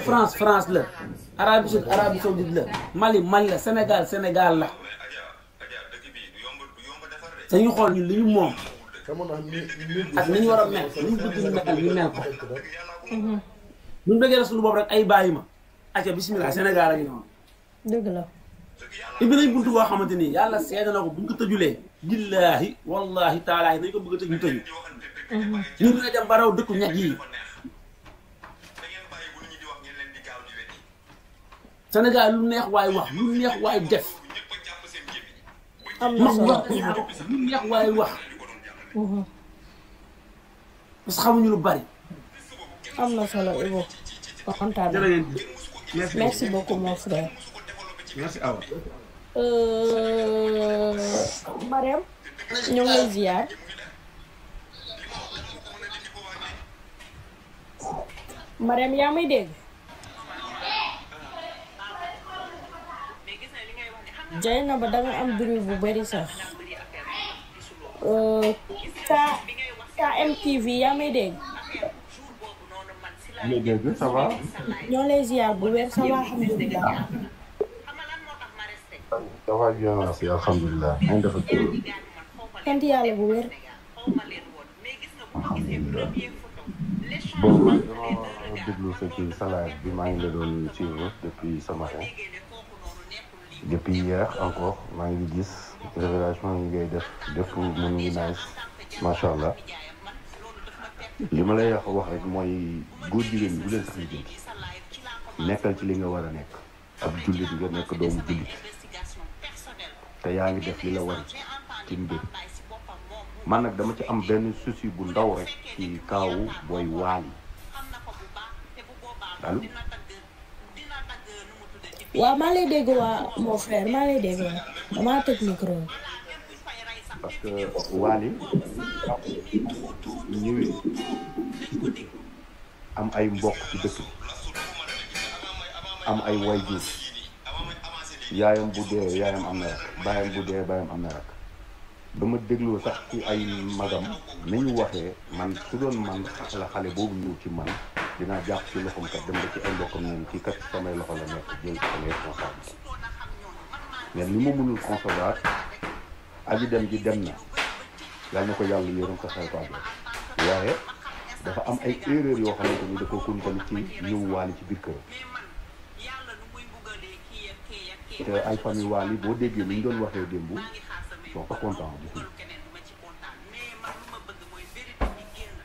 [SPEAKER 8] France France la Arabie Saoudite Arabie Saoudite la Mali Mali la Sénégal Sénégal la dañu xool ñun li ñu moom ak ni war a mel li ñu bëgg ñu mel ñu mhm. ñu bëggee la bopp rek ay bàyyi ma. acca bisimilah Sénégal a ngi noonu. dëgg buntu boo xamante ni yàlla seede na ko bu ñu ko tëjulee. billaahi wallaahi taalaahi nañ ko bëgg tëj ñu tëju. Mhm. ñu lu neex waay wax lu neex waay def.
[SPEAKER 1] am
[SPEAKER 4] na lu
[SPEAKER 8] neex parce que xamuñu lu bari.
[SPEAKER 1] am na solo Ibo. kontaan na merci beaucoup mon frère. merci euh, Mariam. ñu ngi lay Mariam yaa may dégg. Jaina ba dengan ambil binububeri uh, sa uh, ka, MTV ya may din.
[SPEAKER 7] Le dede, ça
[SPEAKER 9] va?
[SPEAKER 1] Non, les yeux, bouer, ça va, alhamdoulilah.
[SPEAKER 9] Ça va bien, merci, alhamdoulilah. Rien de fait. Quand il y Bon, je vais de depuis hier encore maa ngi gis révélation yi ngay def def mën ngi nice macha li ma la lay wax rek mooy góor jigéen bu leen sax lijjanti nekkal ci li nga war a nekk ab jullit nga nekk doomu jullit te yaa ngi def li la war ci mbir man nag dama ci am benn souci bu ndaw rek ci kaawu booy waali allo
[SPEAKER 1] waaw maa dégg waa mon frère maa dégg waa damaa tëj micro
[SPEAKER 9] parce que Wally am ay mbokk ci dëkk am ay waajur yaayam bu dee yaayam am na rak baayam bu dee baayam am na rak ba dégloo sax ci ay magam nañu waxee man su doon man la xale boobu ñëw ci man dinaa jàpp ci loxoom kat dem ba ci ay mbokkam ñun kii kat samay loxo la nekk jël samay responsabilité mais li ma mënul concevoir aji dem ji dem na yàlla ko yàlla yërëm ko saytuwaat waaye dafa am ay erreur yoo xamante ni da ko kun tamit ci ñëw waali ci biir kër te ay famille waali boo déggee ni ñu doon waxee démb soo ko kontaan bu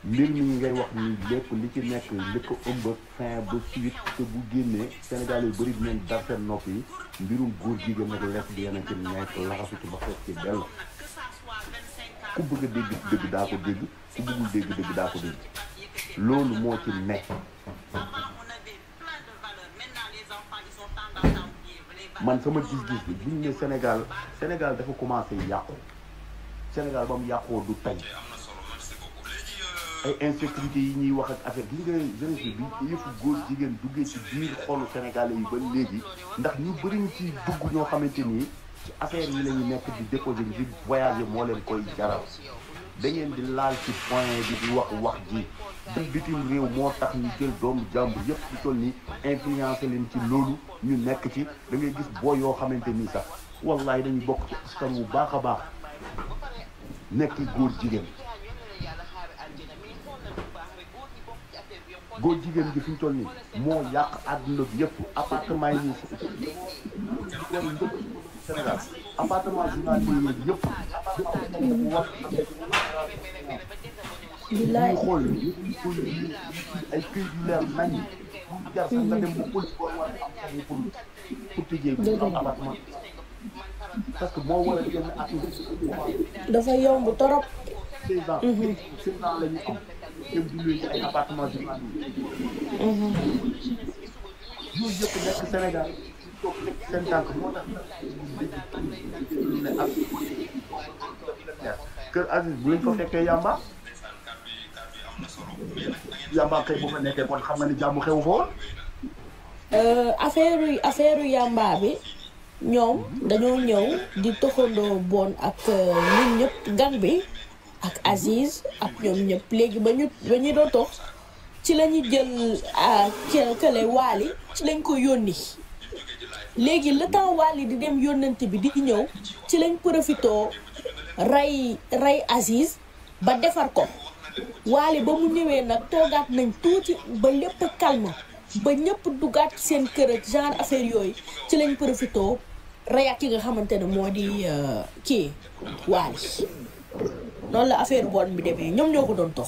[SPEAKER 9] mbir mi ngay wax ni lépp li ci nekk li ko ëmb fin ba suite te bu génnee Sénégal yu bari dinañ dar seen nopp yi mbirum góor jigéen nag lekk bi yeneen ci nekk laxasu ci ba xeet ci dell
[SPEAKER 4] a dégg dëgg
[SPEAKER 9] daa ko dégg ku bëggul loolu moo ci nekk man sama gis-gis bi buñ ne Sénégal Sénégal dafa commencé yàqu Sénégal ba mu yàqoo du tey ay insécurité yi ñuy wax ak affaire bi nga jeunesse bi yëfu góor jigéen duggee ci biir xolu sénégalais yi ba léegi ndax ñu bëri ñu ciy dugg ñoo xamante nii ci affaire yi la ñu nekk di déposé di voyager moo leen koy jaral da ngeen di laal ci point bi di wax wax ji dem bitim réew moo tax ñu jël doomu jàmb yëpp di toll ni influencé leen ci loolu ñu nekk ci da ngay gis boo yoo xamante nii sax wallaay dañu bokk ci askan wu baax a baax nekk góor jigéen góor jigéen gi fi ñu toll moo yàq àdduna bi yëpp appartement yi ñu Sénégal appartement journalier yi yëpp wax ñuy xool ay këyit yu leer nañ jar sax nga dem bu pëli boo war am pour pour appartement
[SPEAKER 1] parce que moo war a génn ak dafa yomb torop seize ans mhm. seize ans am
[SPEAKER 9] dem di luy nekk Sénégal toog teg ne ak kër Aziz bu ñu ko fekkee yàmba yàmba kay bu fa nekkee kon xam nga ni jàmm xewu fa woon
[SPEAKER 1] euh, affaire yu yàmba bi ñoom dañoo ñëw di toxandoo bon ak euh, ñun ñëpp gan bi ak Aziz ak ñoom ñëpp léegi ba ñu ba ñu doon ci la ñu jël ah, kële waali ci lañ ko yónni léegi le temps waali di dem yónnante bi di ñëw ci lañ profitoo rey rey Aziz ba defar ko waali ba mu ñëwee nag toogaat nañ tuuti ba lépp kalma ba ñëpp duggaat seen kër ak genre affaire yooyu ci lañ profitoo reyaat ki nga xamante ne moo di euh, kii waali noonu la affaire bon bi
[SPEAKER 5] demee ñoom ñoo ko doon tox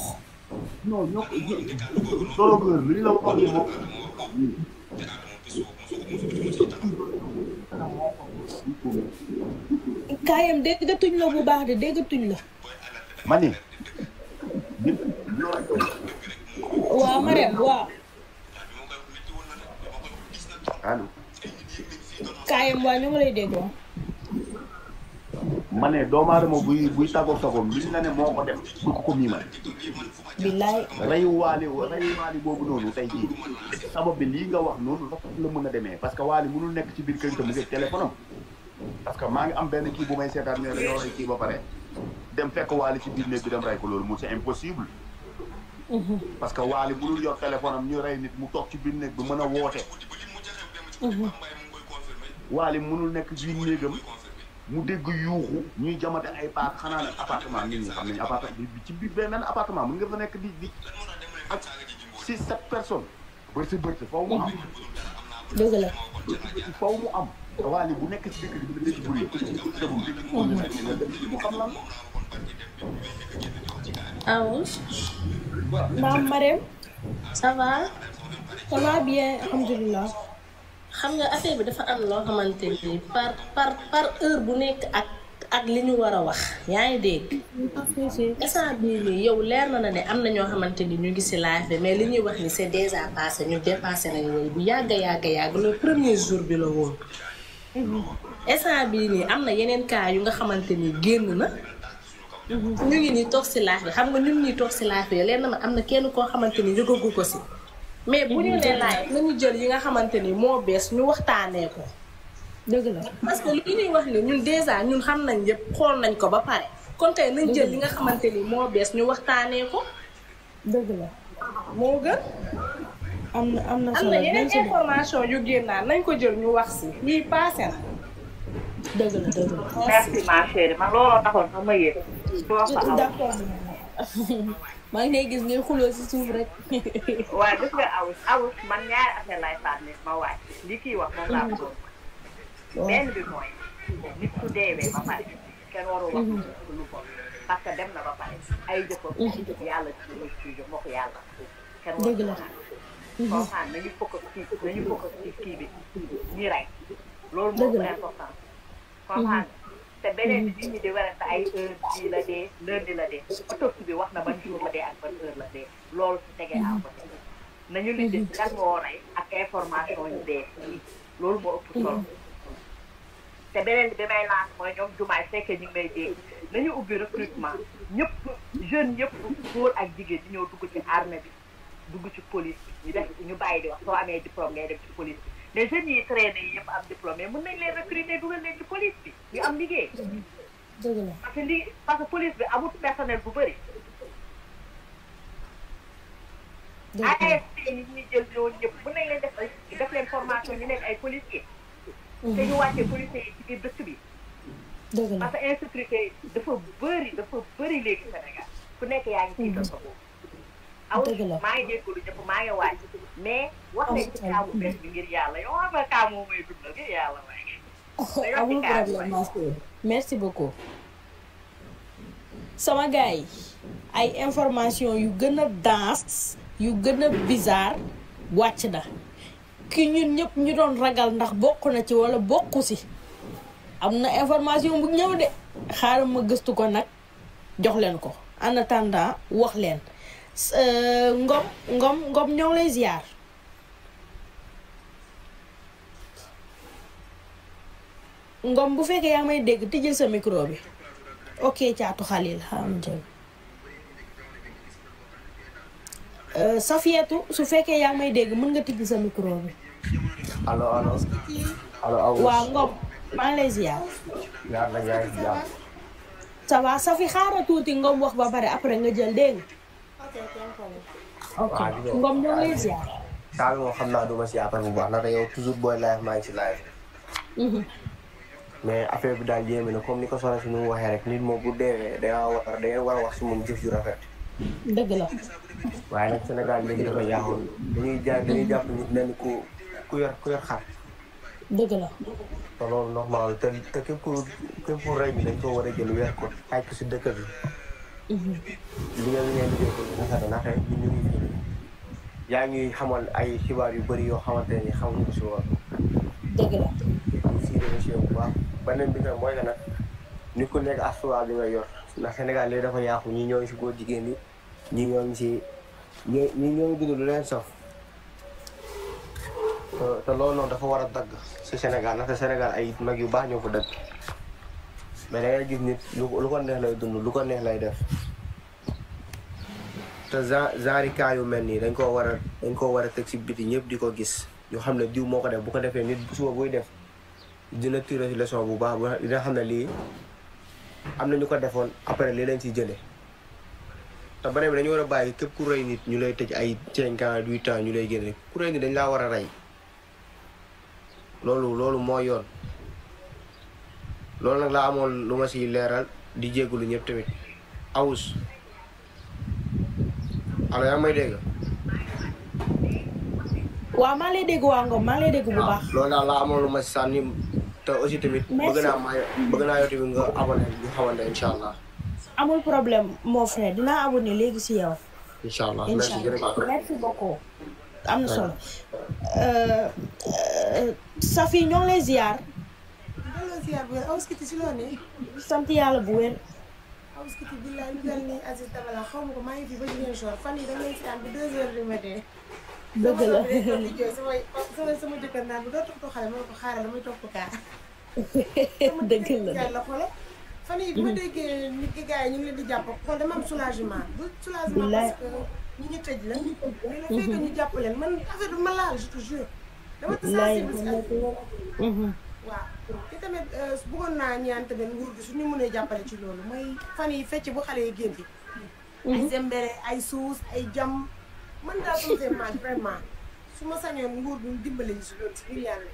[SPEAKER 9] non ñoo ko
[SPEAKER 1] la bu baax de déggatuñ la mani waaw Marème waaw kaayam waaw ñu ngi lay dégg
[SPEAKER 9] ma ne doomu aadama buy buy tàggoog sagoom liñ la ne moo ko def bu ko ko miimal. billaay reyuwaale reyuwaale boobu noonu tey jii sabab bi lii nga wax noonu la la mën a demee parce que waale mënul nekk ci biir kër te mu ngi téléphone am que maa ngi am benn kii bu may seetaan ne dañoo kii ba pare dem fekk waale ci biir néeg bi dem rey ko loolu mu c'est impossible. Mhm. parce que waale mënul yor téléphone am ñu rey nit mu toog ci biir néeg bi mën a woote. Mhm. waale mënul nekk biir néegam. mu dégg yuuxu ñuy jamate ay paak xanaa nag appartement nit ñi xam nañ appartement bi ci biir benn appartement mën nga fa nekk di di ak six sept personnes bërte bërte faw mu am dëgg la faw mu am waa bu nekk ci dëkk bi dëkk bu rëy xam ah lan
[SPEAKER 1] awo maam Marème ça va ça va bien alhamdulilah xam nga affaire bi dafa am loo xamante nii par par par heure bu nekk ak ak li ñu war a wax yaa ngi dégg. instant bii nii yow leer na na ne am na ñoo xamante ni ñu ngi si live bi mais li ñuy wax ni c'est déjà passé ñu dépassé nañu woy bu yàgg yàgg yàgg le premier jour bi la woon. instant bii nii am na yeneen cas yu nga xamante ni génn na.
[SPEAKER 4] Mhm. ñu ngi nii
[SPEAKER 1] toog si live bi xam nga ñun ñuy toog si live bi leer na ma am na kenn koo xamante ni yëgagu ko si. mais bu ñu nee laaj mm-hmm. nañu jël yi nga xamante ni moo bees ñu waxtaanee ko. dëgg la parce que li ñuy wax ni ñun déjà ñun xam nañ yëpp xool nañ ko ba pare. kon tey nañ jël li nga xamante ni moo bees ñu waxtaanee ko. dëgg la moo gën. am na am na solo yeneen information yu génnaan nañ ko jël ñu wax si lii paase na. dëgg la dëgg la. merci ma chérie man looloo taxoon sax ma yéex. d'accord. maa ngi lay gis ngay xuloo si suuf rek. waaw dëgg nga awus awus man li kii wax moom laa ko mm-hmm. bi mooy nit ku mm-hmm. parce que dem na ba pare ay jëfam mm-hmm. yàlla yàlla kenn warul wax koo kii bi loolu moo important koo te beneen bi ñu ñi di werante ay heure bii la dee lundi la dee autopsie bi wax na ban jour la dee ak ban heure la dee loolu su tegee à côté nañu liggéey lan moo rey ak information dee loolu moo ëpp solo te beneen bi damay laaj mooy ñoom jumaay fekkee ñu ngi dégg nañu ubbi recrutement ñëpp jeune yëpp góor ak jigéen di ñëw dugg ci armée bi dugg ci police ñu def ñu bàyyi di wax soo amee diplôme ngay def ci police les jeunes yi traîné yi yëpp am diplôme mën nañ leen recruter dugal leen ci police bi ñu am liggéey. dëgg la parce que li parce que police bi amut personnel bu bëri. a la ASC yi ñuy jël loolu ñëpp mën nañ leen def def leen formation ñu nekk ay policiers.
[SPEAKER 4] te ñu wàccee
[SPEAKER 1] policiers yi ci biir dëkk bi. dëgg la parce que insécurité dafa bëri dafa bëri léegi Sénégal ku nekk yaa ngi ciy sa aw maa ngi jékku lu oh, sama gars yi ay information yu gën a yu gën a bizarre wàcc na ki ñun ñëpp ñu doon ragal ndax bokk na ci walla bokku si am na information bu ñëw de xaaral ma gëstu ko nag jox leen ko en attendant wax leen. E, ngom Ngom Ngom ñong lay ziar. Ngom bu fekke yaa may ti jël sa micro bi. ok caatu xalil e, Safia tu, su fekke ya may deg mën nga tijji sa micro bi.
[SPEAKER 10] allo allo. allo Awus wa Ngom
[SPEAKER 1] ma lay ziar.
[SPEAKER 10] ya la ya ziar.
[SPEAKER 1] ça va Safi xaaral tuuti Ngom wax ba bare après nga jël deg
[SPEAKER 10] ok ah, Ngom ñoo ngi lay ziar. Saal ah, moom xam naa du si après bu baax ndax yow toujours booy live maa ngi si live. Mhm. mais affaire bi daal yéeme na comme ni ko soxla si mu waxee rek nit moom bu deewee da ngaa war war a wax si moom jëf rafet. dëgg la. waaye Sénégal léegi jàpp nit nen ku ku ku yor xar. dëgg la. normal te te ku képp ku rey bi dañ war a jël weer ko xaaj ko si dëkk bi. li nga ngay liggéey ko dina sori ndaxte ñun ñu ngi fi yaa ngi xamal ay xibaar yu bari yoo xamante ne xamuñu ko si woon. dëgg la. si monsieur bu bi mooy que nag nit ku nekk askan bi nga yor ndax Sénégal léegi dafa yaaxu ñi ñoo ngi si góor jigéen ñi ñi ñoo si ñi ñoo ngi lu leen saf te loolu noonu dafa war a dagg si Sénégal ndaxte Sénégal ay mag yu baax ñoo ko dagg. mais da ngay gis nit lu ko neex lay dund lu ko neex lay def te genre cas yu mel nii dañ koo war a dañ koo war a teg si biti ñëpp di ko gis ñu xam ne diw moo ko def bu ko defee nit suba buy def dina tiré si bu baax bu dina xam ne lii am na ñu ko defoon après lii lañ si jëlee te beneen bi dañu war a bàyyi képp ku rey nit ñu lay tëj ay cinq ans huit ans ñu lay génne ku rey nit dañ laa war a rey loolu loolu moo yoon. lool nag la amoon lu ma si leeral di jégalu ñëpp tamit awus alors yaa may dégg. waaw
[SPEAKER 1] maa lay dégg waa Ngom maa lay dégg bu baax.
[SPEAKER 10] loolu daal la amoon lu ma si sànni te aussi tamit. bëgg naa maa bëgg naa yow tamit nga abonné ñu xamante incha allah.
[SPEAKER 1] amul problème mon frère dinaa abonné léegi si yow.
[SPEAKER 10] incha allah merci jërëjëf
[SPEAKER 1] merci beaucoup. am na solo. Euh, euh, Safi ñoo ngi lay ziar. sant yàlla bu wér. Ouskiti billaay lu mel ni Aziz Dabala xaw ma ko maa ngi fi ba jigéen soor fan yii dama lay si ànd deux heures du matin. dëgg la sama sama jëkkër naan bi doo topp xale ma ne ko xaaral damay topp kaa. dëgg la yàlla xoolal fan yii bu ma déggee nit ki gars yi ñu ngi leen di jàpp xool dama am soulagement. bu soulagement parce que ñi tëj la. mais nag fekk ñu jàpp leen man affaire bi ma laal je te jure.
[SPEAKER 4] dama te sensibiliser
[SPEAKER 1] waaw. te tamit euh, bëggoon naa ñaan tamit nguur su suñu mënee jàppale ci loolu mooy fan yi fecc bu xale yi génn
[SPEAKER 4] mhm. ay
[SPEAKER 1] sembere ay suus ay jàmm man daal sama vraiment su ma sañoon nguur bi dimbale ñu si loolu si yàlla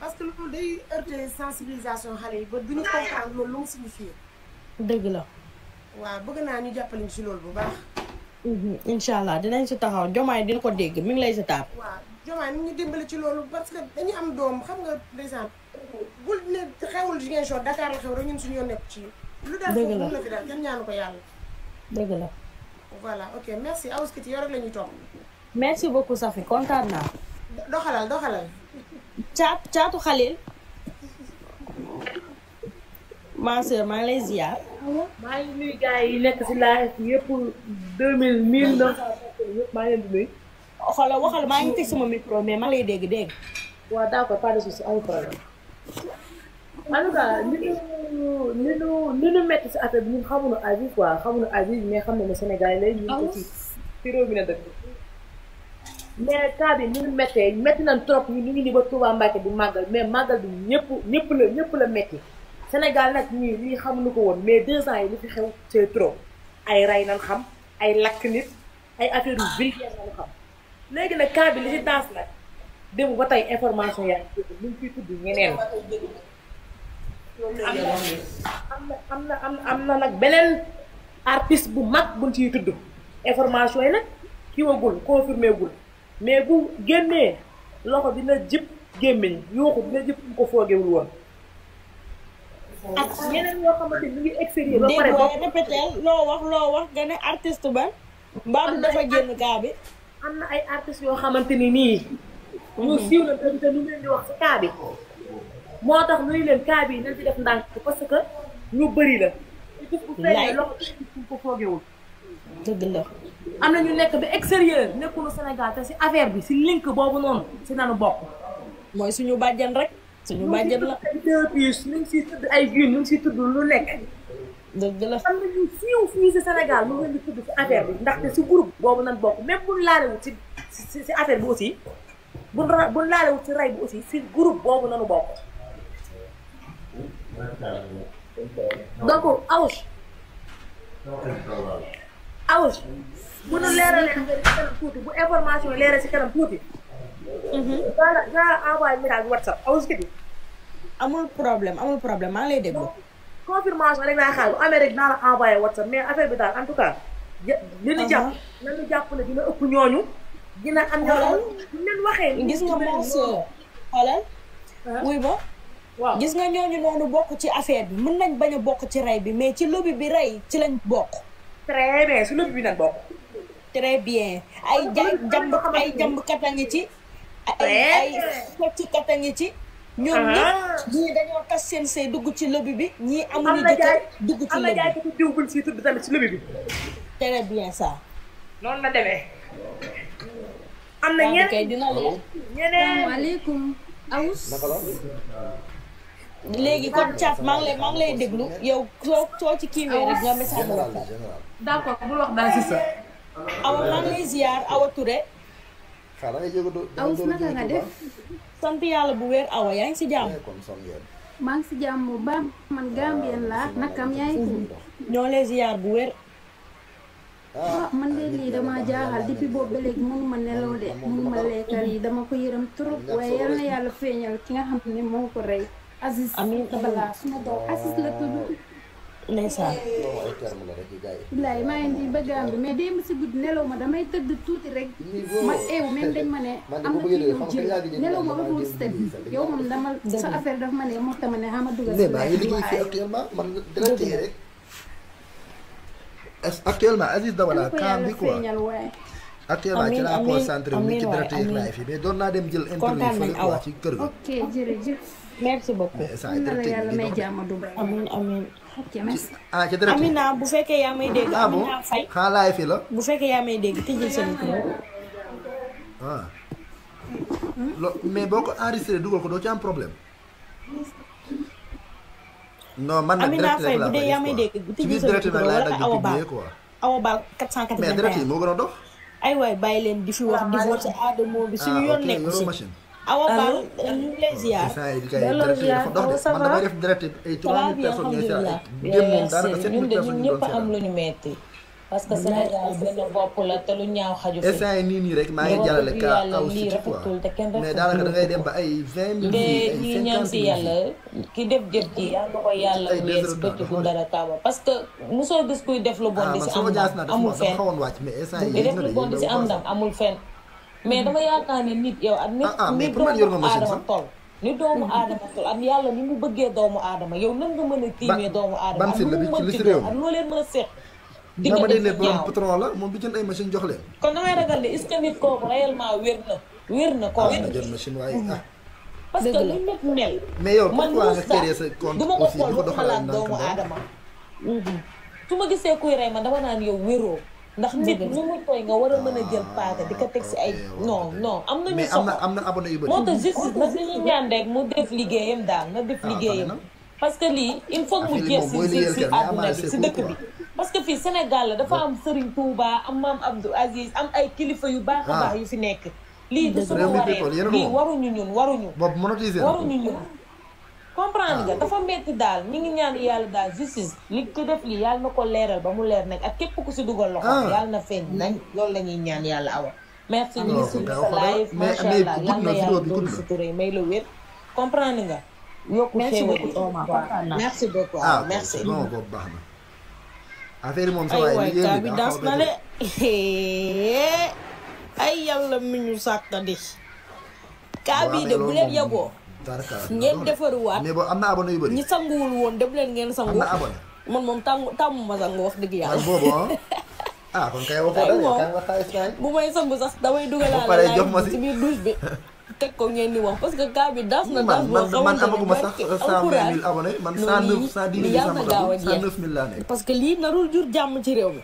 [SPEAKER 1] parce que loolu day heurter xale yi ba duñu comprendre loolu lu mu signifie dëgg la waaw bëgg naa ñu jàppale ñu si loolu bu baax mhm, incha allah dinañ si taxaw jomaay dina ko dégg mu ngi lay si taab waaw jomaay ni ñu dimbale ci loolu parce que dañu am doom xam nga par bul ne xewul Ziguinchor Dakar la xew rek ñun suñu nekk ci lu daal foofu mun na ko yàlla dëgg la voilà ok merci Awouskiti yow rek la ñuy topp merci beaucoup Safi kontaan naa doxalal doxalal caat caatu xalil ma sœur maa ngi lay ziar yi nekk si laaj yëpp deux mille mille neuf cent maa leen di nuyu waxal maa ngi teg sama micro mais maa lay dégg dégg waaw d'accord
[SPEAKER 4] en tout
[SPEAKER 1] cas li ñu li ñu li ñu métti si affaire bi xamuñu avis quoi xamuñu avis mais xam nañu ne Sénégal lay ñu ko ci ci réew mi la dëkk. mais cas bi ni ñu méttee nañ trop ñu ngi nii ba Touba Mbacke bu màggal mais màggal bi ñëpp ñëpp la ñëpp la métti Sénégal nag ñii lii xamuñu ko woon mais deux ans yi li fi xew c'est trop ay rey nañ xam ay lakk nit ay affaire yu vulgaire nañ xam léegi nag cas bi li ci daas nag. démb ba tey information yaa ngi fi tudd ñeneen. am na am na am na nag beneen artiste bu mag buñ ciy tudd information yi nag kiwagul confirmé gul mais bu génnee
[SPEAKER 2] loxo dina jib gémmiñ yooxu dina jib ko foogewul woon.
[SPEAKER 1] ak ñeneen ñoo xamante ni ñu ngi loo wax loo wax nga ne ba. mbaadu dafa génn gaa bi. am na ay artistes yoo xamante ni nii. Mhm. ñu siiw la te lu leen di wax si cas moo tax nuy leen cas bi nañ ci def ndànk parce que ñu bëri la. te bu fekkee loxo ko foogewul. dëgg la.
[SPEAKER 4] na ñu nekk ba extérieur
[SPEAKER 1] nekkunu Sénégal te si affaire bi si link boobu noonu si nanu bokk. mooy suñu bàjjan rek. suñu bàjjan la ñu ngi ñu ngi siy tudd ay jus ñu ngi siy tudd lu nekk. dëgg la na ñu siiw fii si Sénégal mu ngi leen di tudd si affaire bi ndaxte si groupe boobu nag bokk même bu ñu laalee wut si si affaire boo si bu bu laalewul ci rey bi aussi si groupe boobu nanu bokk donc awuj awuj bu nu leeralee kanam tuuti bu information leeral si kanam tuuti daa mhm. la daa la envoyé message whatsapp awuj kiti amul problème amul problème maa ngi lay déglu confirmation rek laay xaar bu amee rek naa la envoyé whatsapp mais affaire bi daal en tout cas li ñu jàpp uh-huh. nañu dina ëpp ñooñu dina am doole bu gis nga maa soo xoolal. wuy ba. gis nga ñooñu noonu bokk ci affaire bi mën nañ bañ a bokk ci rey bi mais ci lobby bi rey ci lañ bokk. très bien su lobby bi nañ bokk. très bien ay jàmb ay jàmbkat a ngi ci. ay fecckat a ngi ci. ñoom ñëpp ñii dañoo tas seen sëy dugg ci lobby bi ñii am na jaay am na jaay tamit ci lobby bi. très bien ça. noonu la demee.
[SPEAKER 4] am na ñeneen
[SPEAKER 1] ñeneen waaleykum awus léegi kon Thiat maa ngi lay maa ngi lay déglu yow soo soo ci kiiwee rek nga message la d'accord bul wax sa awa maa ngi lay ziar awa Touré def sant yàlla bu wér awa yaa ngi si jàmm maa ngi si jàmm bu baax man Gambien laa nakam yaa ngi ñoo lay ziar bu wér ah
[SPEAKER 3] man de lii damaa jaaxal depuis boobu ba léegi mënu ma nelaw de mënu ma lekkal yi dama ko yërëm
[SPEAKER 1] trop waaye yal na yàlla ki nga xam ne moo ko rey Aziz suma doom Aziz la tudd ndeysaan di bëggaam bi si guddi nelaw ma damay tëdd tuuti rek ma eew eh, même dañ ma ne yow jël nelaw ma daf ma ne moo tama ne xama dugal si liggéey fi
[SPEAKER 5] actuellement man dina actuellement Aziz Dabala kaam bi quoi actuellement ci laa concentré wu ci direct yi mais doon naa dem jël interview fële quoi ci kër ga.
[SPEAKER 3] ok jërëjëf. merci beaucoup
[SPEAKER 5] ah
[SPEAKER 1] bu fekkee yaa may dégg. ah
[SPEAKER 5] bu
[SPEAKER 1] fekkee yaa may dégg tëjee sa micro.
[SPEAKER 5] ah. mais boo ko enregistré dugal ko doo ci am problème. no man nag direct direct laa bëri quoi Amina Faye bu dee
[SPEAKER 1] yaa may dégg mais direct moo gën a dox. ay waay bàyyi leen di fi wax di voté Adamo bi suñu ah, yoon nekk si. Awa Ba ñu ngi lay oh, ziar. delloo man damay def
[SPEAKER 5] direct ay 3000 personnes ñooy si ay. démb moom daanaka 7000 personnes ñu doon si am
[SPEAKER 1] lu ñu parce que Sénégal benn bopp la te lu ñaaw xaju fi. instant yii nii
[SPEAKER 5] nii rek maa ngi jàllale kaa aw si ci quoi mais daanaka da ngay dem ba ay vingt mille ay cinquante mille ñaan si yàlla
[SPEAKER 1] ki def jëf ji yal na ko yàlla wees bëccëgu dara kaaba parce que mosoo gis kuy def lu bon di si am ndam amul fenn
[SPEAKER 5] di def lu bon di si am ndam
[SPEAKER 1] amul fenn mais dama hmm. yaakaar ne nit yow ak nit ah, ah, nit doomu aadama toll ni doomu hmm. aadama toll ak yàlla ni mu bëggee doomu aadama yow nan nga mën a tiimee doomu aadama ak lu mu mën ci ak loo leen mën a seq di nga def lu borom patron
[SPEAKER 5] la moom du jënd ay machine jox leen.
[SPEAKER 1] kon damay ragal ne est-ce que nit kooku réellement wér na. wér na koo wér ah, na jël
[SPEAKER 5] machine waaye ah.
[SPEAKER 1] parce ko doxalaat mhm. ma gisee kuy rey man dama naan yow wéroo. ndax nit lu mu tooy nga war a mën a ah, jël paaka di ko teg si ay. no non am nañu soxla am na
[SPEAKER 5] am na abonné yu
[SPEAKER 4] bëri. moo tax mhm. justice nag li ñu ñaan
[SPEAKER 1] rek mu def liggéeyam daal na def ah, liggéeyam. parce que lii il faut mu jeex si si àdduna si dëkk bi. parce que fii Sénégal la dafa am sëriñ Touba am maam Abdou Aziz am ay kilifa yu baax a ah. baax yu fi nekk. lii du suñu waree lii waruñu ñun waruñu.
[SPEAKER 2] boobu monétiser waruñu
[SPEAKER 1] ñun. comprendre nga ah. dafa metti daal ñu ngi ñaan yàlla daal justice. li ko def lii yàlla na ko leeral ba mu leer nag ak képp ku si dugal loxo. Ah. yàlla na feeñ nañ loolu la ñuy ñaan yàlla awa. merci ñu ngi suñu sa live macha allah yàlla na yàlla doon suturé may la wér merci oh boobu
[SPEAKER 5] baax na. affaire moom sa waay liggéey bi das na de
[SPEAKER 1] ay yàlla mi ñu sàkka de kaa bii de bu leen yeboo ngeen defaruwaat mais boobu am na abonné yu bëri ñi sanguwul woon dem leen ngeen sangu am na man moom tàmm tàmm ma sangu wax dëgg yàlla boobu
[SPEAKER 5] ah kon kay waxoo dara kan
[SPEAKER 1] nga xaalis bu may sangu sax damay dugalaale laay
[SPEAKER 5] si biir douche bi
[SPEAKER 1] teg ko ngeen di wax parce que gars bi das na das boo xamante ni man sax cent vingt mille
[SPEAKER 5] man cent neuf cent a jeex laa nekk
[SPEAKER 1] parce que lii narul jur jàmm ci réew mi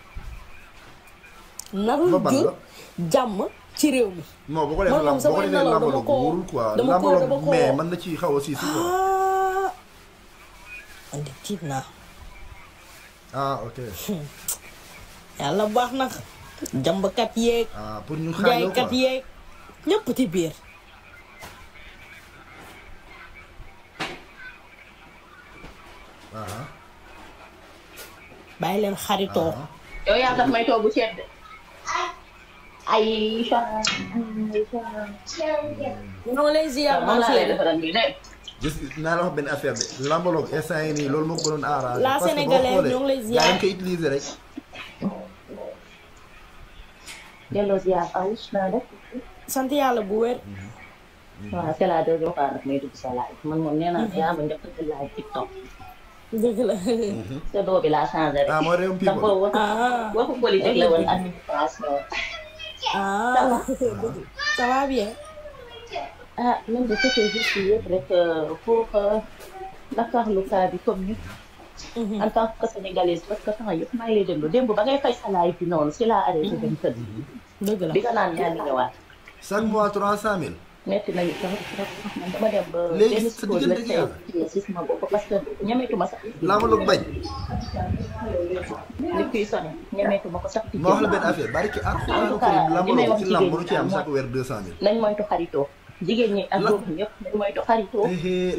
[SPEAKER 1] narul
[SPEAKER 5] ci réew mi non boo
[SPEAKER 1] ko defee lamb boo
[SPEAKER 5] ko mais mën na ci xaw a sii si ah, ah ok yàlla baax na
[SPEAKER 1] jàmbkat yeeg ah pour ñu xaajoo quoi jaaykat ñëpp ci biir bàyyi leen ah. yow yaa tax may togg ceeb ay. ñoo ngi lay
[SPEAKER 3] ziar ma laa lay defaral bi de.
[SPEAKER 5] la wax benn affaire loolu moo ko doon arrangé. la sénégalaise ñoo ngi lay ziar parce que boo xoolee yaa ngi koy utilisé
[SPEAKER 1] sant yàlla bu wér. Mhm.
[SPEAKER 3] waaw dëgg la. Ah, ah. ah. uh, mhm. sa doo bi laa changé rek. ah mooy réewum people ndax boobu waxu politique la woon
[SPEAKER 4] administration.
[SPEAKER 1] ah ça va bien. ah man de c'était juste yëpp rek pour naqarlu cas bi comme ñëpp. en tant que sénégalaise parce que temps yëpp maa ngi lay déglu démb ba ngay fay salaay bi noonu si laa
[SPEAKER 5] arrêté dem tëdd. dëgg la di nga naan ñaari ñëwaat. chaque mois trois cent mille. metti nañu trop trop sax man dama dem ba. léegi sa diggante gi yàlla benn si parce que ñameetu ma sax. laamaloog bañ.
[SPEAKER 1] li kuy sonné ñameetu ma ko sax. ma wax la benn affaire
[SPEAKER 5] bari ki alxuraanu ci lamb lu ci am chaque weer deux cent mille.
[SPEAKER 1] nañ moytu xaritoo. jigéen
[SPEAKER 5] ñi ak góor ñëpp nañ moytu xaritoo.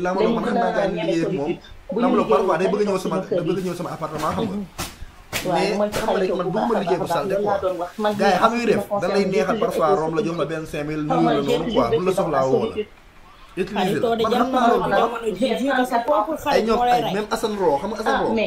[SPEAKER 5] laamaloog man xam naa gars yi liggéey ak moom laamaloog parfois day bëgg a ñëw sama day bëgg a ñëw sama appartement xam nga. mais xam nga man bëgguma liggéey bu salte quoi gars yi xam nga def da neexal parfois rom la jox la benn cinq mille nuyu la noonu quoi bu la soxlaa woo
[SPEAKER 3] la
[SPEAKER 1] utiliser la man xam ay ñoom ay même Assane Ro xam nga Assane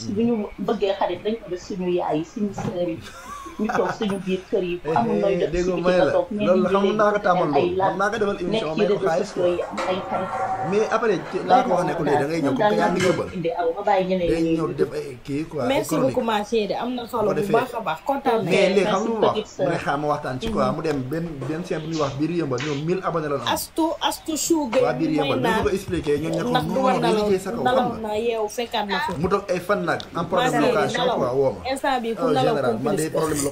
[SPEAKER 1] su ñu bëggee xarit dañ ko def suñu
[SPEAKER 5] yaay yi suñu sœur yi ñu toog suñu biir kër yi
[SPEAKER 1] eh, amul nooy def si biti ba toog ñenn ñi
[SPEAKER 4] léegi naa ko tàmmal loolu naa ko demal émission may ko xaalis
[SPEAKER 5] ay xarit mais après naa ko wax ne ko léegi da ngay ñëw ko yaa ngi yëbal
[SPEAKER 1] day ñëw def
[SPEAKER 5] ay kii quoi merci beaucoup
[SPEAKER 1] ma chérie am na solo bu baax a baax kontaan mais léegi xam lu mu wax mu ne
[SPEAKER 5] xaar ma waxtaan ci quoi mm-hmm. mu dem benn benn seen bu ñuy wax biir yëmbal ñoom mille abonné la am astu astu suuga waa biir yëmbal ni ñu ko expliqué ñoom ña ko mënoon liggéey sa kaw xam
[SPEAKER 1] na yeew fekkaat na ko
[SPEAKER 5] mu toog ay fan nag en problème location quoi woo ma en ah, général man day problème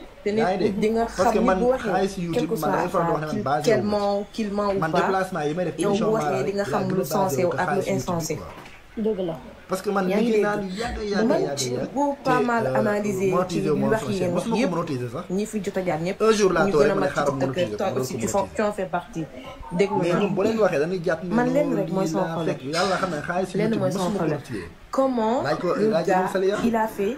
[SPEAKER 1] man
[SPEAKER 3] ou pas parce que man pas mal euh, analysé ci jaar un
[SPEAKER 5] jour partie
[SPEAKER 1] comment il a fait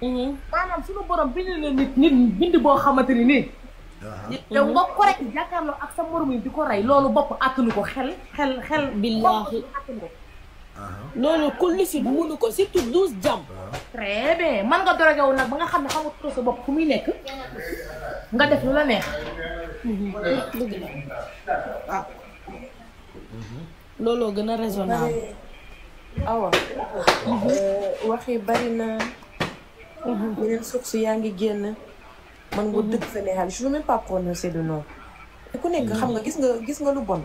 [SPEAKER 1] Mhm. maanaam suñu borom bind na nit nit bind boo ini, ni nii yow nga ko rek jàkkaarloo ak sa morom yi di ko rey loolu bopp attanu ko xel xel xel billaahi loolu ku lisit munu ko surtout douze jam très bien man nga drogué wu nag ba nga xam ne xamatoo sa bopp fu muy nekk nga def lu la neex mhm. dëgg la ah. raisonnable awa mhm. euh, wax bari na yeneen source yaa ngi génn. man nga dëkk fa neexal je veux même pas prononcer de nom. te ku nekk xam nga gis nga gis nga lu bon.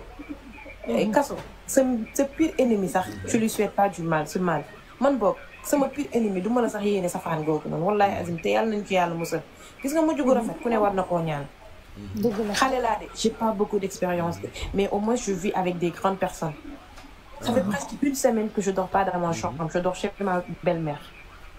[SPEAKER 1] kaso sa sa pire ennemi sax tu lui souhaite pas du mal ce mal man boog sama pire ennemi du ma la sax yéene safaan googu noonu wallahi azim te yàlla nañ ci yàlla musal gis nga mujj gu rafet ku ne war na koo ñaan. dëgg la xale laa de j'ai pas beaucoup d'expérience mais au moins je vis avec des grandes personnes. ça fait presque une semaine que je dors pas dans ma chambre je dors chez ma belle-mère.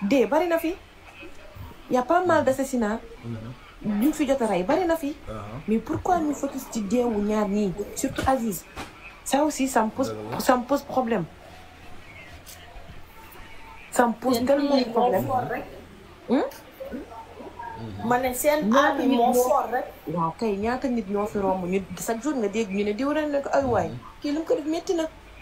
[SPEAKER 1] dee bari na fi y a pas mal d'assassinats
[SPEAKER 4] mhm.
[SPEAKER 1] ñu fi jot a rey bari na fi uh-huh. mais pourquoi ñu focus ci deewu ñaar ñii surtout Aziz ça aussi ça me pose ça me pose problème ça me pose tellement de problème hmm?
[SPEAKER 4] mm-hmm. ma ne seen aada moo fort rek.
[SPEAKER 1] waaw kay ñaata nit ñoo fi romb ñu chaque jour nga dégg ñu ne diw ren ne ko ay waay mm-hmm. kii lu mu ko def métti na.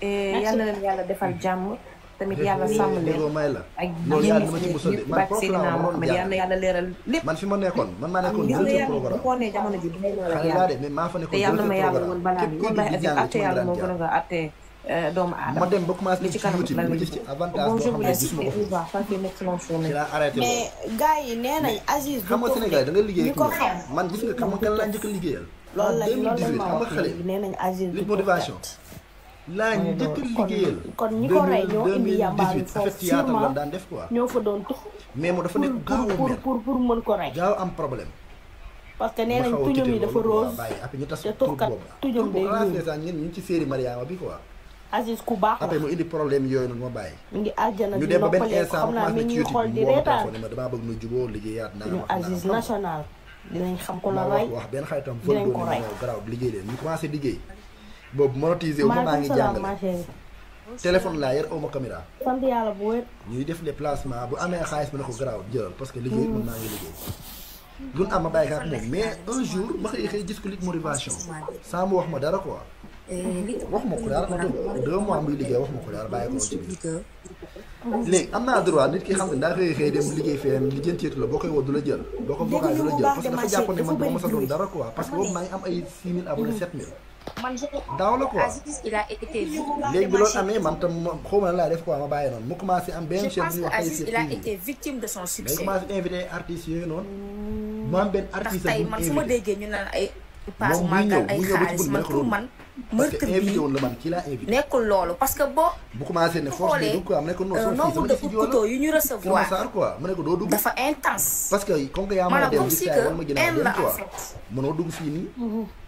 [SPEAKER 1] Eh, yàlla leen yàlla defal mm-hmm. jàmm. tamit yàlla sàmm leen may la ak yéen ñi ci bàq Seydina Mohamed yàlla na
[SPEAKER 5] yàlla leeral lépp. man fi ma nekkoon man maa nekkoon deuxième programme
[SPEAKER 1] xale laa de mais maa fa nekkoon deuxième programme képp kuy di di àtte yàlla moo
[SPEAKER 5] gën a àtte eh, doomu aadama ma dem ba commencé li ci kanam la li ci avantage boo xam ne gisuma ko ci laa arrêté mais
[SPEAKER 1] gars yi nee nañ Aziz xam nga Sénégal da nga liggéey ko
[SPEAKER 5] man gis nga xam nga kan laa njëkk a liggéeyal loolu la loolu la ma wax nee nañ Aziz motivation laa njëkk liggéeyal
[SPEAKER 1] kon ñi ko rey ñoo indi yàmbaaru foofu sûrement daan def quoi ñoo fa doon tux
[SPEAKER 5] mais mu dafa nekk gaaw pour pour ko rey gaaw am problème que nee nañ tuñum ñu tas te tuxkat tuñum day ñuul ñun ñu ci série Mariama bi baax la yooyu noonu ma bàyyi mu ngi àjjana dem ba benn instant xam
[SPEAKER 1] naa xam ko la wax benn
[SPEAKER 5] xaritam dinañ ko rey garaaw liggéey leen ñu commencé liggéey boobu monétisé wu ma maa ngi jàngale téléphone laa yor aw ma caméra. sant yàlla ñuy def les placements bu amee xaalis ma ne ko garaaw jëlal parce que liggéey mm. mën naa ngi liggéey. duñ am ma bàyyi ko lig motivation saa mu wax ma dara quoi. wax ma ko daal wax ma ko daal bàyyi ko ci biir. léegi am naa droit nit ki xam ne daa xëy xëy dem liggéey feneen li jënteetu la boo koy woo du la jël. boo ko vocal du la jël parce que dafa jàpp ne man dama sa doon dara quoi parce que boobu maa ngi am ay six mille abonné sept mille
[SPEAKER 3] Dans Je pense Il a été victime de son
[SPEAKER 5] succès. Il a
[SPEAKER 3] été victime de son succès. Il a
[SPEAKER 5] été victime de son succès. Il a été victime de son succès. Il a été victime de son succès. Il a été victime de son succès. Il a été victime de son succès. Il a été victime de son succès. Il a été victime de son succès. Il a été victime de son succès. Il a été victime de son succès. Il a été victime de son succès. Il a été victime de son succès. Il a été victime de son succès. Il a été victime de son succès. Il a été victime de son succès.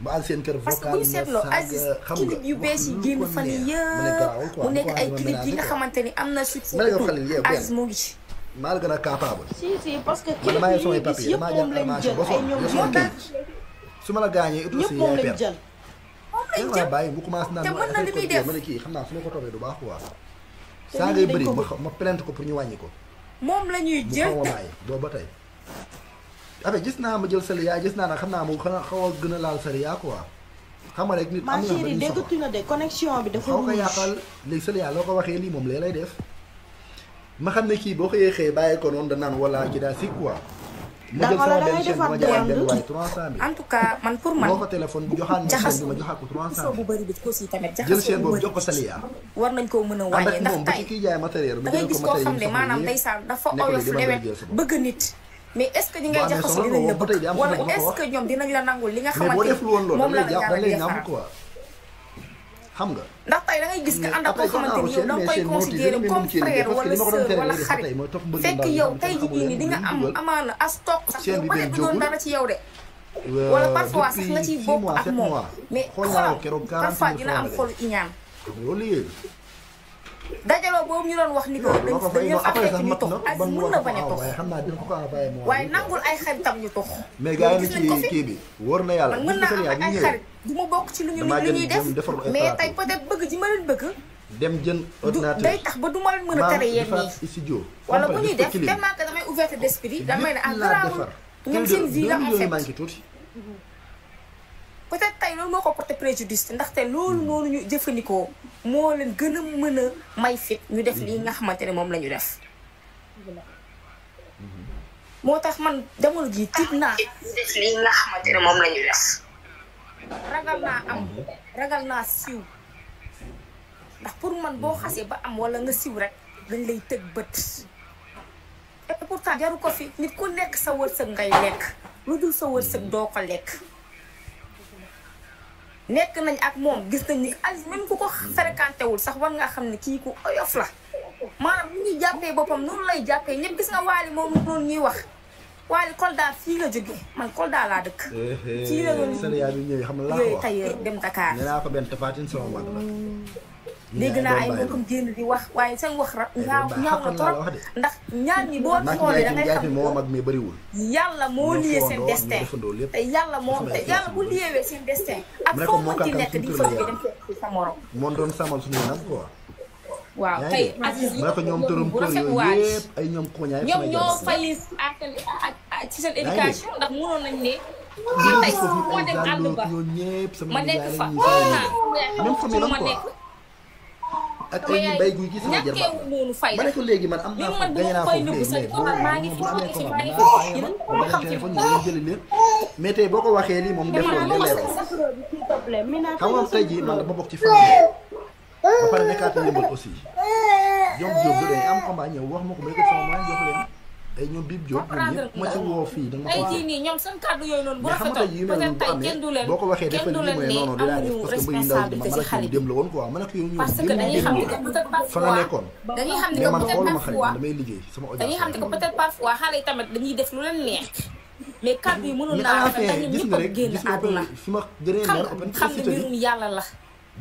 [SPEAKER 5] ba àgg seen kër vocal parce que bu ñu seetloo Aziz clip yu bees mu nekk ay clip yi nga xamante ni am na succès Aziz moo ngi ci. maa la gën a capable.
[SPEAKER 1] si si parce que clip yi ñu gis yëpp moom lañ jël
[SPEAKER 5] su ma la gaañee it aussi moom lañ jël. moom lañ jël bàyyi bu commencé naan ma affaire ko def ma ne kii xam naa su ma ko toppee du baax quoi. saa ngay bëri ma plainte ko pour ñu wàññi ko. moom la ñuy jël bu xaw a bàyyi boobu ba tey affaire gis naa ma jël sariya gis naa nag xam naa moom xanaa xaw a gën a laal sariya na benn
[SPEAKER 1] na de connexion bi dafa. xaw ko yàqal
[SPEAKER 5] léegi sariya loo ko waxee lii moom lee lay def. ma xam ne kii boo ko yéexee bàyyi ko noonu da naan wala ci daal si quoi. ma jël sama benn chaîne ma jaay benn waaye 300000. en ko téléphone joxaat ma chaîne ko 300000.
[SPEAKER 1] bu bëri bi aussi tamit jël chaîne boobu jox ko saliya. war nañ koo mën a wàññi ndax
[SPEAKER 5] tey da
[SPEAKER 4] ngay gis koo xam ne maanaam day
[SPEAKER 1] bëgg nit mais est-ce que ñi ngay jaxasoo dinañ la
[SPEAKER 4] bëgg
[SPEAKER 5] xam nga
[SPEAKER 3] ndax tey da gis nga ànd ak koo xamante ni yow da nga koy considéré comme
[SPEAKER 5] frère wala sœur wala xarit fekk yow tey jii nii di nga am
[SPEAKER 1] amaana as
[SPEAKER 3] ci yow de
[SPEAKER 5] euh, wala parfois sax nga ciy bokk ak moom
[SPEAKER 1] mais
[SPEAKER 3] xoolal parfois dina am xolu iñaan dajaloo boobu ñu doon wax ni ko dañu xam fekk ñu tox ak mën na bañ a tox waaye nangul ay xaritam
[SPEAKER 1] ñu tox mais gars yi ci ñu lu ñuy mais tey peut bëgg ji ma leen bëgg
[SPEAKER 5] dem jën day
[SPEAKER 1] tax ba du ma leen mën a tere yenn
[SPEAKER 5] yi studio wala bu ñuy def tellement
[SPEAKER 1] que damay ouverte d'esprit damay ne ah garaawul ñoom seen vie la en peut-être tey loolu moo ko porté préjudice ndaxte loolu noonu ñu jëfandikoo moo leen gën a mën a may fit ñu def lii nga xamante ne moom la ñu def moo tax man jamono jii tiit naa ah,
[SPEAKER 4] def lii
[SPEAKER 3] nga xamante ne moom la ñu def ragal naa am
[SPEAKER 1] ragal naa siiw ndax pour man boo xasee ba am walla nga siw rek dañ lay tëg bët et pourtant jaru ko fi nit ku nekk sa wërsëg ngay lekk lu dul sa wërsëg doo ko lekk nekk nañ ak moom gis nañ ni al même ku ko fréquenté wul sax war nga xam ne kii ku oyof la maanaam ñu ñuy jàppee boppam noonu lay jàppee ñëpp gis nga waali moom noonu ñuy wax waali Kolda fii la jógee man Kolda laa dëkk.
[SPEAKER 5] Eh, eh, fii la doon yooyu
[SPEAKER 1] tailleur dem Dakar. nee
[SPEAKER 5] naa ko benn tafaatin sama mag la. dégg naa ay mbokkum
[SPEAKER 1] génn di wax waaye seen wax rab ñaaw ñaaw na trop ndax ñaar ñi boo xoolee da ngay moo mag mais bëriwul yàlla moo lié seen destin
[SPEAKER 5] te yàlla moo te yàlla bu
[SPEAKER 1] liéwee seen destin ak foo
[SPEAKER 5] doon samal suñu nag quoi
[SPEAKER 1] waaw tey Aziz yi ñoom ñoom bu rafet ah, ah, ah, ci seen éducation ndax mënoon nañ ne man tey moo dem àll ba
[SPEAKER 5] ma nekk fa un
[SPEAKER 1] an même ma nekk
[SPEAKER 5] ak ay ñu bay guy gi sama jër ma ne ko léegi man am naa fa gañ naa foofu léegi mais mais tey boo ko waxee lii moom def loolu leeral
[SPEAKER 1] xam nga tey jii man
[SPEAKER 5] dama bokk ci famille
[SPEAKER 4] ma pare nekkaat yëmbal
[SPEAKER 5] aussi jom jom du am combat ñëw wax ma ko ba ko sama maa jox ay eh, ñoom biib Diop ñoom ñëpp ma ci woo fii dama ko tey jii
[SPEAKER 1] nii yooyu noonu bu boo ko waxee defal lii mooy noonu dinaa def parce a kii
[SPEAKER 5] dem la woon quoi mën a kii ñëw parce que dañuy xam ne que peut être parfois fa nga nekkoon
[SPEAKER 1] dañuy xam ne que def lu leen neex mais kàddu yi mënul naa rafet ndax ñoom ñëpp a génn àdduna
[SPEAKER 5] xam xam ne mbirum yàlla la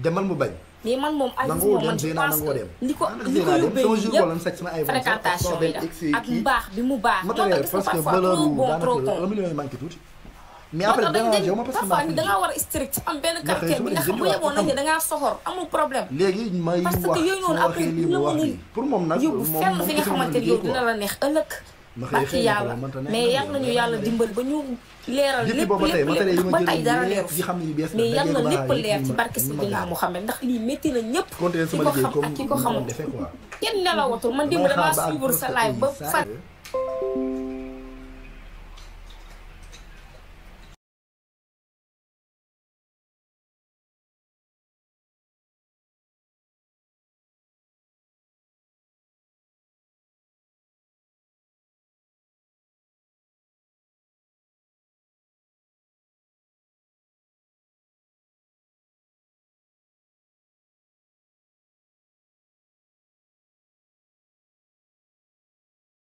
[SPEAKER 5] demal mu bañ
[SPEAKER 1] mais man moom Aziz moom man je pense que li ko li ko yóbbee
[SPEAKER 5] yëpp fréquentation bi la ak mbaax
[SPEAKER 1] bi mu baax. matériel parce que valeur bu
[SPEAKER 5] ma parce
[SPEAKER 1] a strict am benn
[SPEAKER 5] quartier bi nga yeboon nañ ne da ngaa soxor amul problème. léegi may wax parce que yooyu noonu après lu mu pour moom nag moom moom fenn fi ni yow dina la neex ëllëg. barki yàlla mais yàlla nañu yàlla dimbal ba ñu leeral lépp lépp ba tey dara leeru mais yàlla na lépp leer ci
[SPEAKER 1] barki Seydina Mouhamed ndax lii métti na ñëpp
[SPEAKER 5] ki ko xam ak ki ko xamul
[SPEAKER 1] kenn nelawatul man démb damaa suivre sa live ba
[SPEAKER 4] far